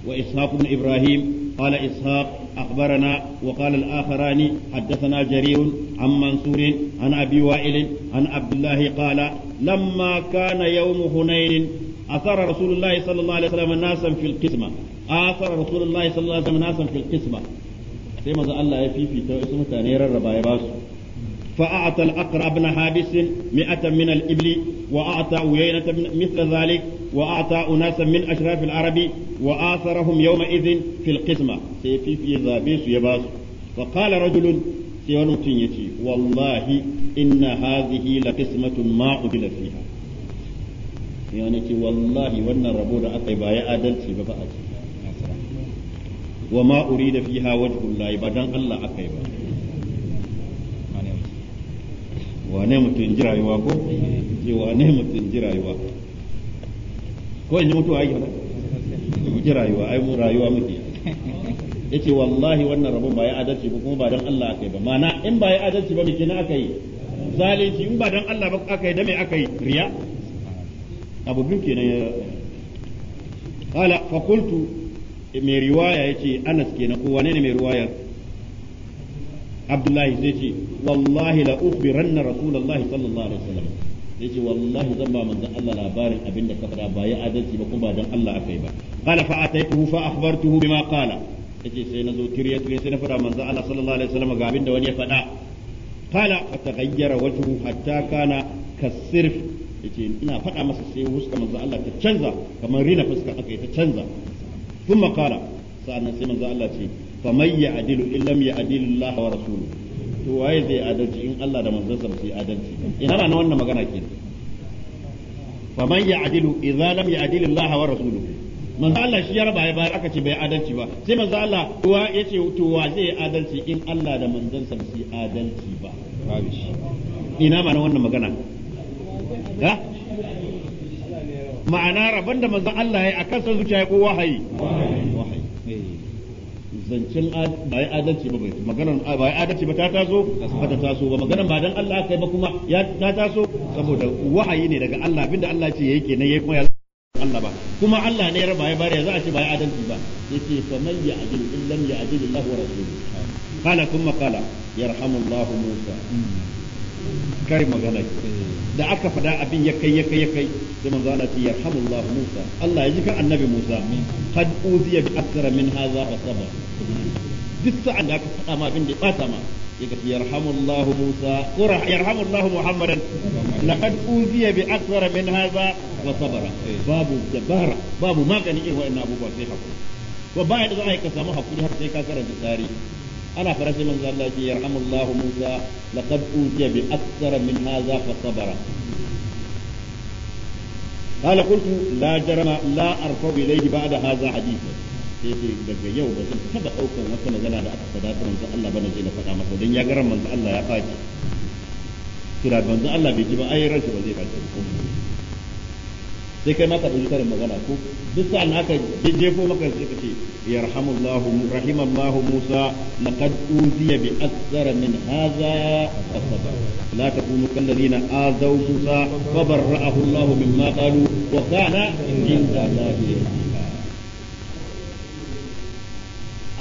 واسحاق بن ابراهيم قال اسحاق أخبرنا وقال الآخران حدثنا جرير عن منصور عن أبي وائل عن عبد الله قال لما كان يوم هنين أثر رسول الله صلى الله عليه وسلم ناسا في القسمة آثر رسول الله صلى الله عليه وسلم ناسا في القسمة sai maza Allah ya fifita wasu mutane rarraba ya basu فأعطى الأقرى بن حابس مئة من الإبل وأعطى عيينة مثل ذلك وأعطى أناسا من أشراف العرب وآثرهم يومئذ في القسمة سيفي في ذابيس يباس فقال رجل سيونتينيتي والله إن هذه لقسمة ما أدل فيها يعني والله وأن الربو أطيبا يا أدلتي بفأتي وما أريد فيها وجه الله بدن الله أطيبا wane mutum ji rayuwa ko ce wane mutum ji rayuwa ko in ji mutuwa ake faɗa ku ji rayuwa ai mu rayuwa muke ya ce wallahi wannan rabon ba ya adalci ba kuma ba don Allah aka yi ba mana in ba ya adalci ba me aka yi zalunci in ba don Allah ba aka yi da mai aka yi riya abu biyu kenan ya hala fakultu mai riwaya ya ce Anas kenan ko wane ne mai riwayar abdullahi zai ce wallahi la ukhbiranna rasulullahi sallallahu alaihi wasallam ce wallahi zan ba manza Allah labarin abin da ka faɗa ba ya adalci ba kuma ba dan Allah akai ba qala fa tuhu fa ma bima qala ce sai na zo kiriyar sai na faɗa manzon Allah sallallahu alaihi wasallam ga abin da wani ya faɗa قال فتغير وجهه حتى كان كالسرف ce ina faɗa masa sai wuska manzo Allah ta canza kamar rina fuska aka ta canza kuma kala sa'annan sai manza Allah ce faman adilu in lam ya ya'dilu Allah wa rasuluhu to waye zai adalci in Allah da manzon sa sai adalci ina na wannan magana ke faman adilu idza lam ya ya'dilu Allah wa rasuluhu manzo Allah shi ya raba ya bayar aka ce bai adalci ba sai manzo Allah wa yace to wa zai adalci in Allah da manzon sa sai adalci ba ina ma na wannan magana ga ma'ana rabon da manzon Allah ya akan san zuciya ko wahayi wahayi eh. zancen ba ya adalci ba bai magana ba ya adalci ba ta taso ba ta taso ba magana ba dan Allah kai ba kuma ya ta taso saboda wahayi ne daga Allah abinda Allah ce yake ne yake kuma ya Allah ba kuma Allah ne ya raba ya bare za a ce ba ya adalci ba fa man ya ajil illam ya ajil Allah wa rasuluhu qala kuma qala yarhamullahu Musa kai magana da aka fada abin ya kai ya kai ya kai sai manzo Allah ya yarhamullah Musa Allah ya ji kan annabi Musa qad uziya bi akthara min hadha fa sabar duk sa'an da aka fada ma abin da ya bata ma yake yarhamullah Musa ko yarhamullah Muhammadan laqad uziya bi akthara min hadha fa sabara babu dabara babu magani irin wa'annan abubuwa sai hakuri wa ba da za a yi ka samu hakuri har sai ka karanta tarihi ana fara sai manzo Allah ya yarhamu Allah Musa laqad utiya bi akthara min hadha fa sabara قال la لا جرم لا أرفع إليه بعد هذا حديثا sai ce daga yau ba zan taba ɗaukar wata magana da aka faɗa ta manzo Allah ba na na faɗa masa don ya garan manzo Allah ya faɗi kira manzo Allah bai ji ba ai ransa ba zai faɗi sai kai maka ɗauki karin magana ko duk sa'an aka jejjefo maka sai ka ce yarhamullahu rahimallahu Musa laqad uziya bi aktsara min hadha asaba la takunu kal ladina azaw Musa fa barra'ahu Allah mimma qalu wa kana inda Allah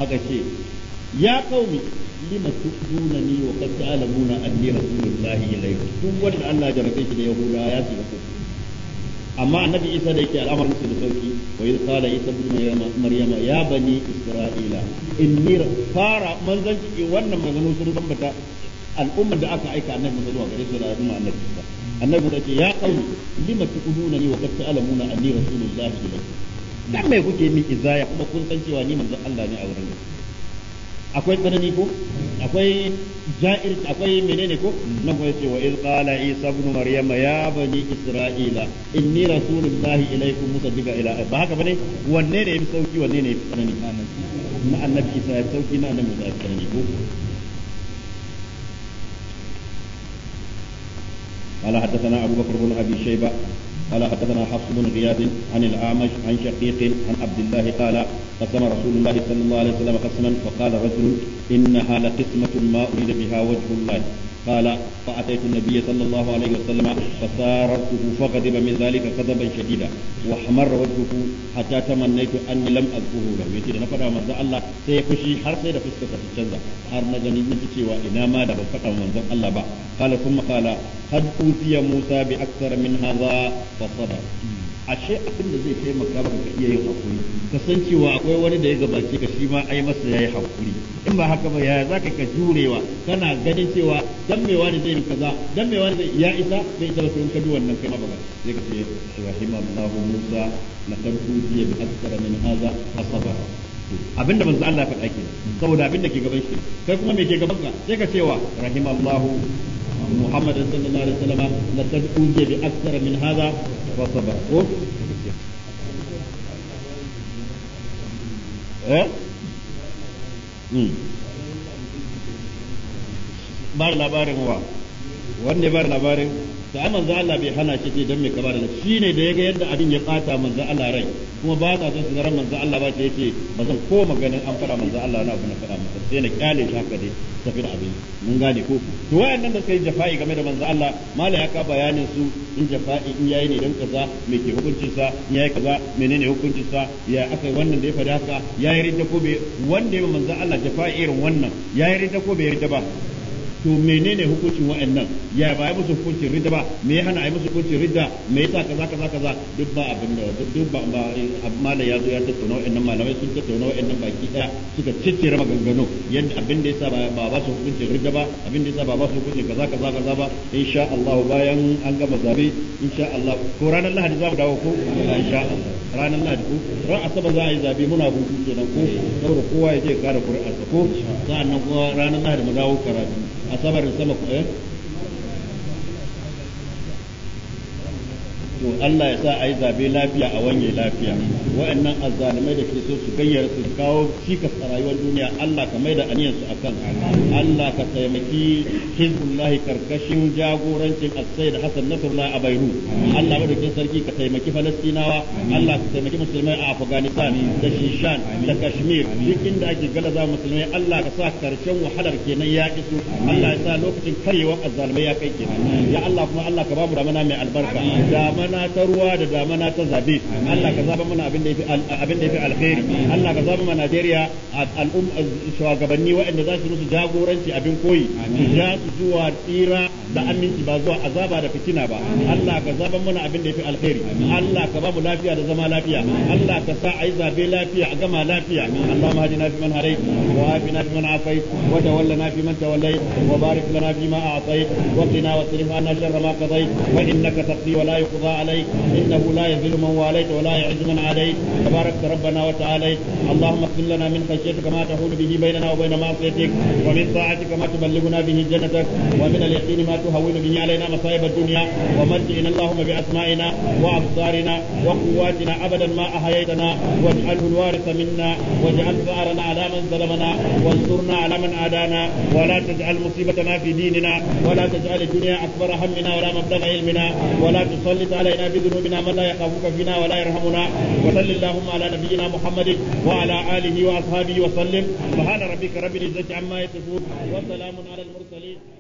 aka ce ya qaumi lima ni wa qad ta'lamuna anni rasulullahi ilaykum duk wanda Allah ya jarabe shi da yahuda ya shiga amma annabi isa da yake al'amarin su da sauki wa yi kala isa bin maryama ya bani isra'ila inni fara manzanci wannan maganganu sun bambata al'ummar da aka aika annabi zuwa gare su da al'umma annabi isa annabi Musa ce ya kauni lima tukununa ni wa qad ta'lamuna anni rasulullahi ilaykum dan mai kuke min izaya kuma kun san cewa ni manzon Allah ne a wurin ku akwai tsanani ko akwai ja'ir akwai menene ko nan kuma yace wa iz qala isa ibn maryama ya bani isra'ila inni rasulullahi ilaykum musaddiqan ila ba haka bane wanne ne yafi sauki wanne ne yafi tsanani na annabi isa ya sauki na annabi isa ya tsanani ko قال حدثنا أبو بكر بن أبي شيبة قال حدثنا حفص بن غياب عن الأعمش عن شقيق عن عبد الله قال قسم رسول الله صلى الله عليه وسلم قسما وقال رجل إنها لقسمة ما أريد بها وجه الله قال فأتيت النبي صلى الله عليه وسلم فسارته فغضب من ذلك غضبا شديدا واحمر وجهه حتى تمنيت أني لم أذكره له يجي أنا فدا من الله سيكشي har sai da fuskar ta canza har na gani in cewa ina ma da ban faɗa manzon Allah ba قال ثم قال قد أوتي موسى بأكثر من هذا فصدق ashe abin da zai taimaka ba ka iya yin hakuri ka san cewa akwai wani da ya gabace ka shi ma ai masa yayi hakuri in ba haka ba yaya zaka ka jurewa kana ganin cewa dan mai wani zai kaza dan mai wani zai ya isa bai ta ba sai ka bi wannan kai ma ba sai ka ce rahimallahu musa laqad tuji bi akthara min hadha asaba abinda manzo Allah ya faɗa ke saboda abinda ke gaban shi kai kuma me ke gaban ka sai ka cewa rahimallahu محمد صلى الله عليه وسلم بأكثر من هذا ba labarin wa ba labarin da ai manzo Allah bai hana shi dan mai kaba da ne da yaga yadda abin ya bata manzo Allah rai kuma ba ta son su manzo Allah ba ta yace ba zan koma ganin an fara manzo Allah na abin fara masa sai na kyale shi haka dai tafi da abin mun gane ko to wayannan da sai jafa'i game da manzo Allah mallaka ya ka bayanin su in jafa'i in yayi ne dan kaza me ke hukuncin sa in yayi kaza menene hukuncin sa ya akai wannan da ya fada haka yayi ridda ko bai wanda ya manzo Allah jafa'i irin wannan yayi ridda ko bai yarda ba to menene hukuncin wa'annan ya ba ya musu hukuncin ridda ba me ya hana yi musu hukuncin ridda me yasa kaza kaza kaza duk ba abin da duk ba ba eh, amma da zo ya tattauna wa'annan malamai sun tattauna wa'annan baki daya suka ciccire maganganu yadda abin da yasa ba ba su hukuncin ridda ba abin da yasa ba ba su hukuncin kaza kaza kaza ba insha Allah bayan an gama zabe insha Allah ko ranar Lahadi za mu dawo ko insha Allah ranar Lahadi ko ran Asabar za a yi zabe muna hutu kenan ko saboda kowa ya je ya kara ƙuri'arsa ko sa'annan kuma ranar Lahadi mu dawo karatu ¿A saber usted lo que es? to Allah ya sa a yi zabe lafiya a wanye lafiya wa'annan azzalumai da ke so su gayyara su kawo cikas a rayuwar duniya Allah ka maida aniyan su akan Allah ka taimaki hizbullah karkashin jagorancin as-sayyid Hassan Nasrullah a Beirut Allah madaukin sarki ka taimaki Falastinawa Allah ka taimaki musulmai a Afghanistan da Shishan da Kashmir duk inda ake galaza musulmai Allah ka sa karshen wahalar kenan ya iso Allah ya sa lokacin karyewar azzalumai ya kai kenan ya Allah kuma Allah ka ba mu damana mai albarka da mana ta ruwa da damana ta zabe Allah ka zaba mana abin da yafi abin da yafi alkhairi Allah ka zaba mana Najeriya al'um shugabanni waɗanda za su musu jagoranci abin koyi ya su zuwa tsira da aminci ba zuwa azaba da fitina ba Allah ka zaba mana abin da yafi alkhairi Allah ka ba mu lafiya da zama lafiya Allah ka sa ai zabe lafiya a gama lafiya Allahumma hadina fi man hadait wa afina fi man afai wa tawallana fi man tawallait wa barik lana fi ma a'tayt wa qina wa wasrif anna sharra ma qadayt wa innaka taqdi wa la yuqda عليك انه لا يذل من واليت ولا يعز من عليك تبارك ربنا وتعاليت اللهم اغفر لنا من خشيتك ما تحول به بيننا وبين معصيتك ومن طاعتك ما تبلغنا به جنتك ومن اليقين ما تهون به علينا مصائب الدنيا ومتعنا اللهم باسمائنا وابصارنا وقواتنا ابدا ما احييتنا واجعله الوارث منا واجعل ثارنا على من ظلمنا وانصرنا على من عادانا ولا تجعل مصيبتنا في ديننا ولا تجعل الدنيا اكبر همنا ولا مبلغ علمنا ولا تسلط على علينا بذنوبنا من لا يخافك فينا ولا يرحمنا وصل اللهم على نبينا محمد وعلى اله واصحابه وسلم سبحان ربك رب العزه عما يصفون وسلام على المرسلين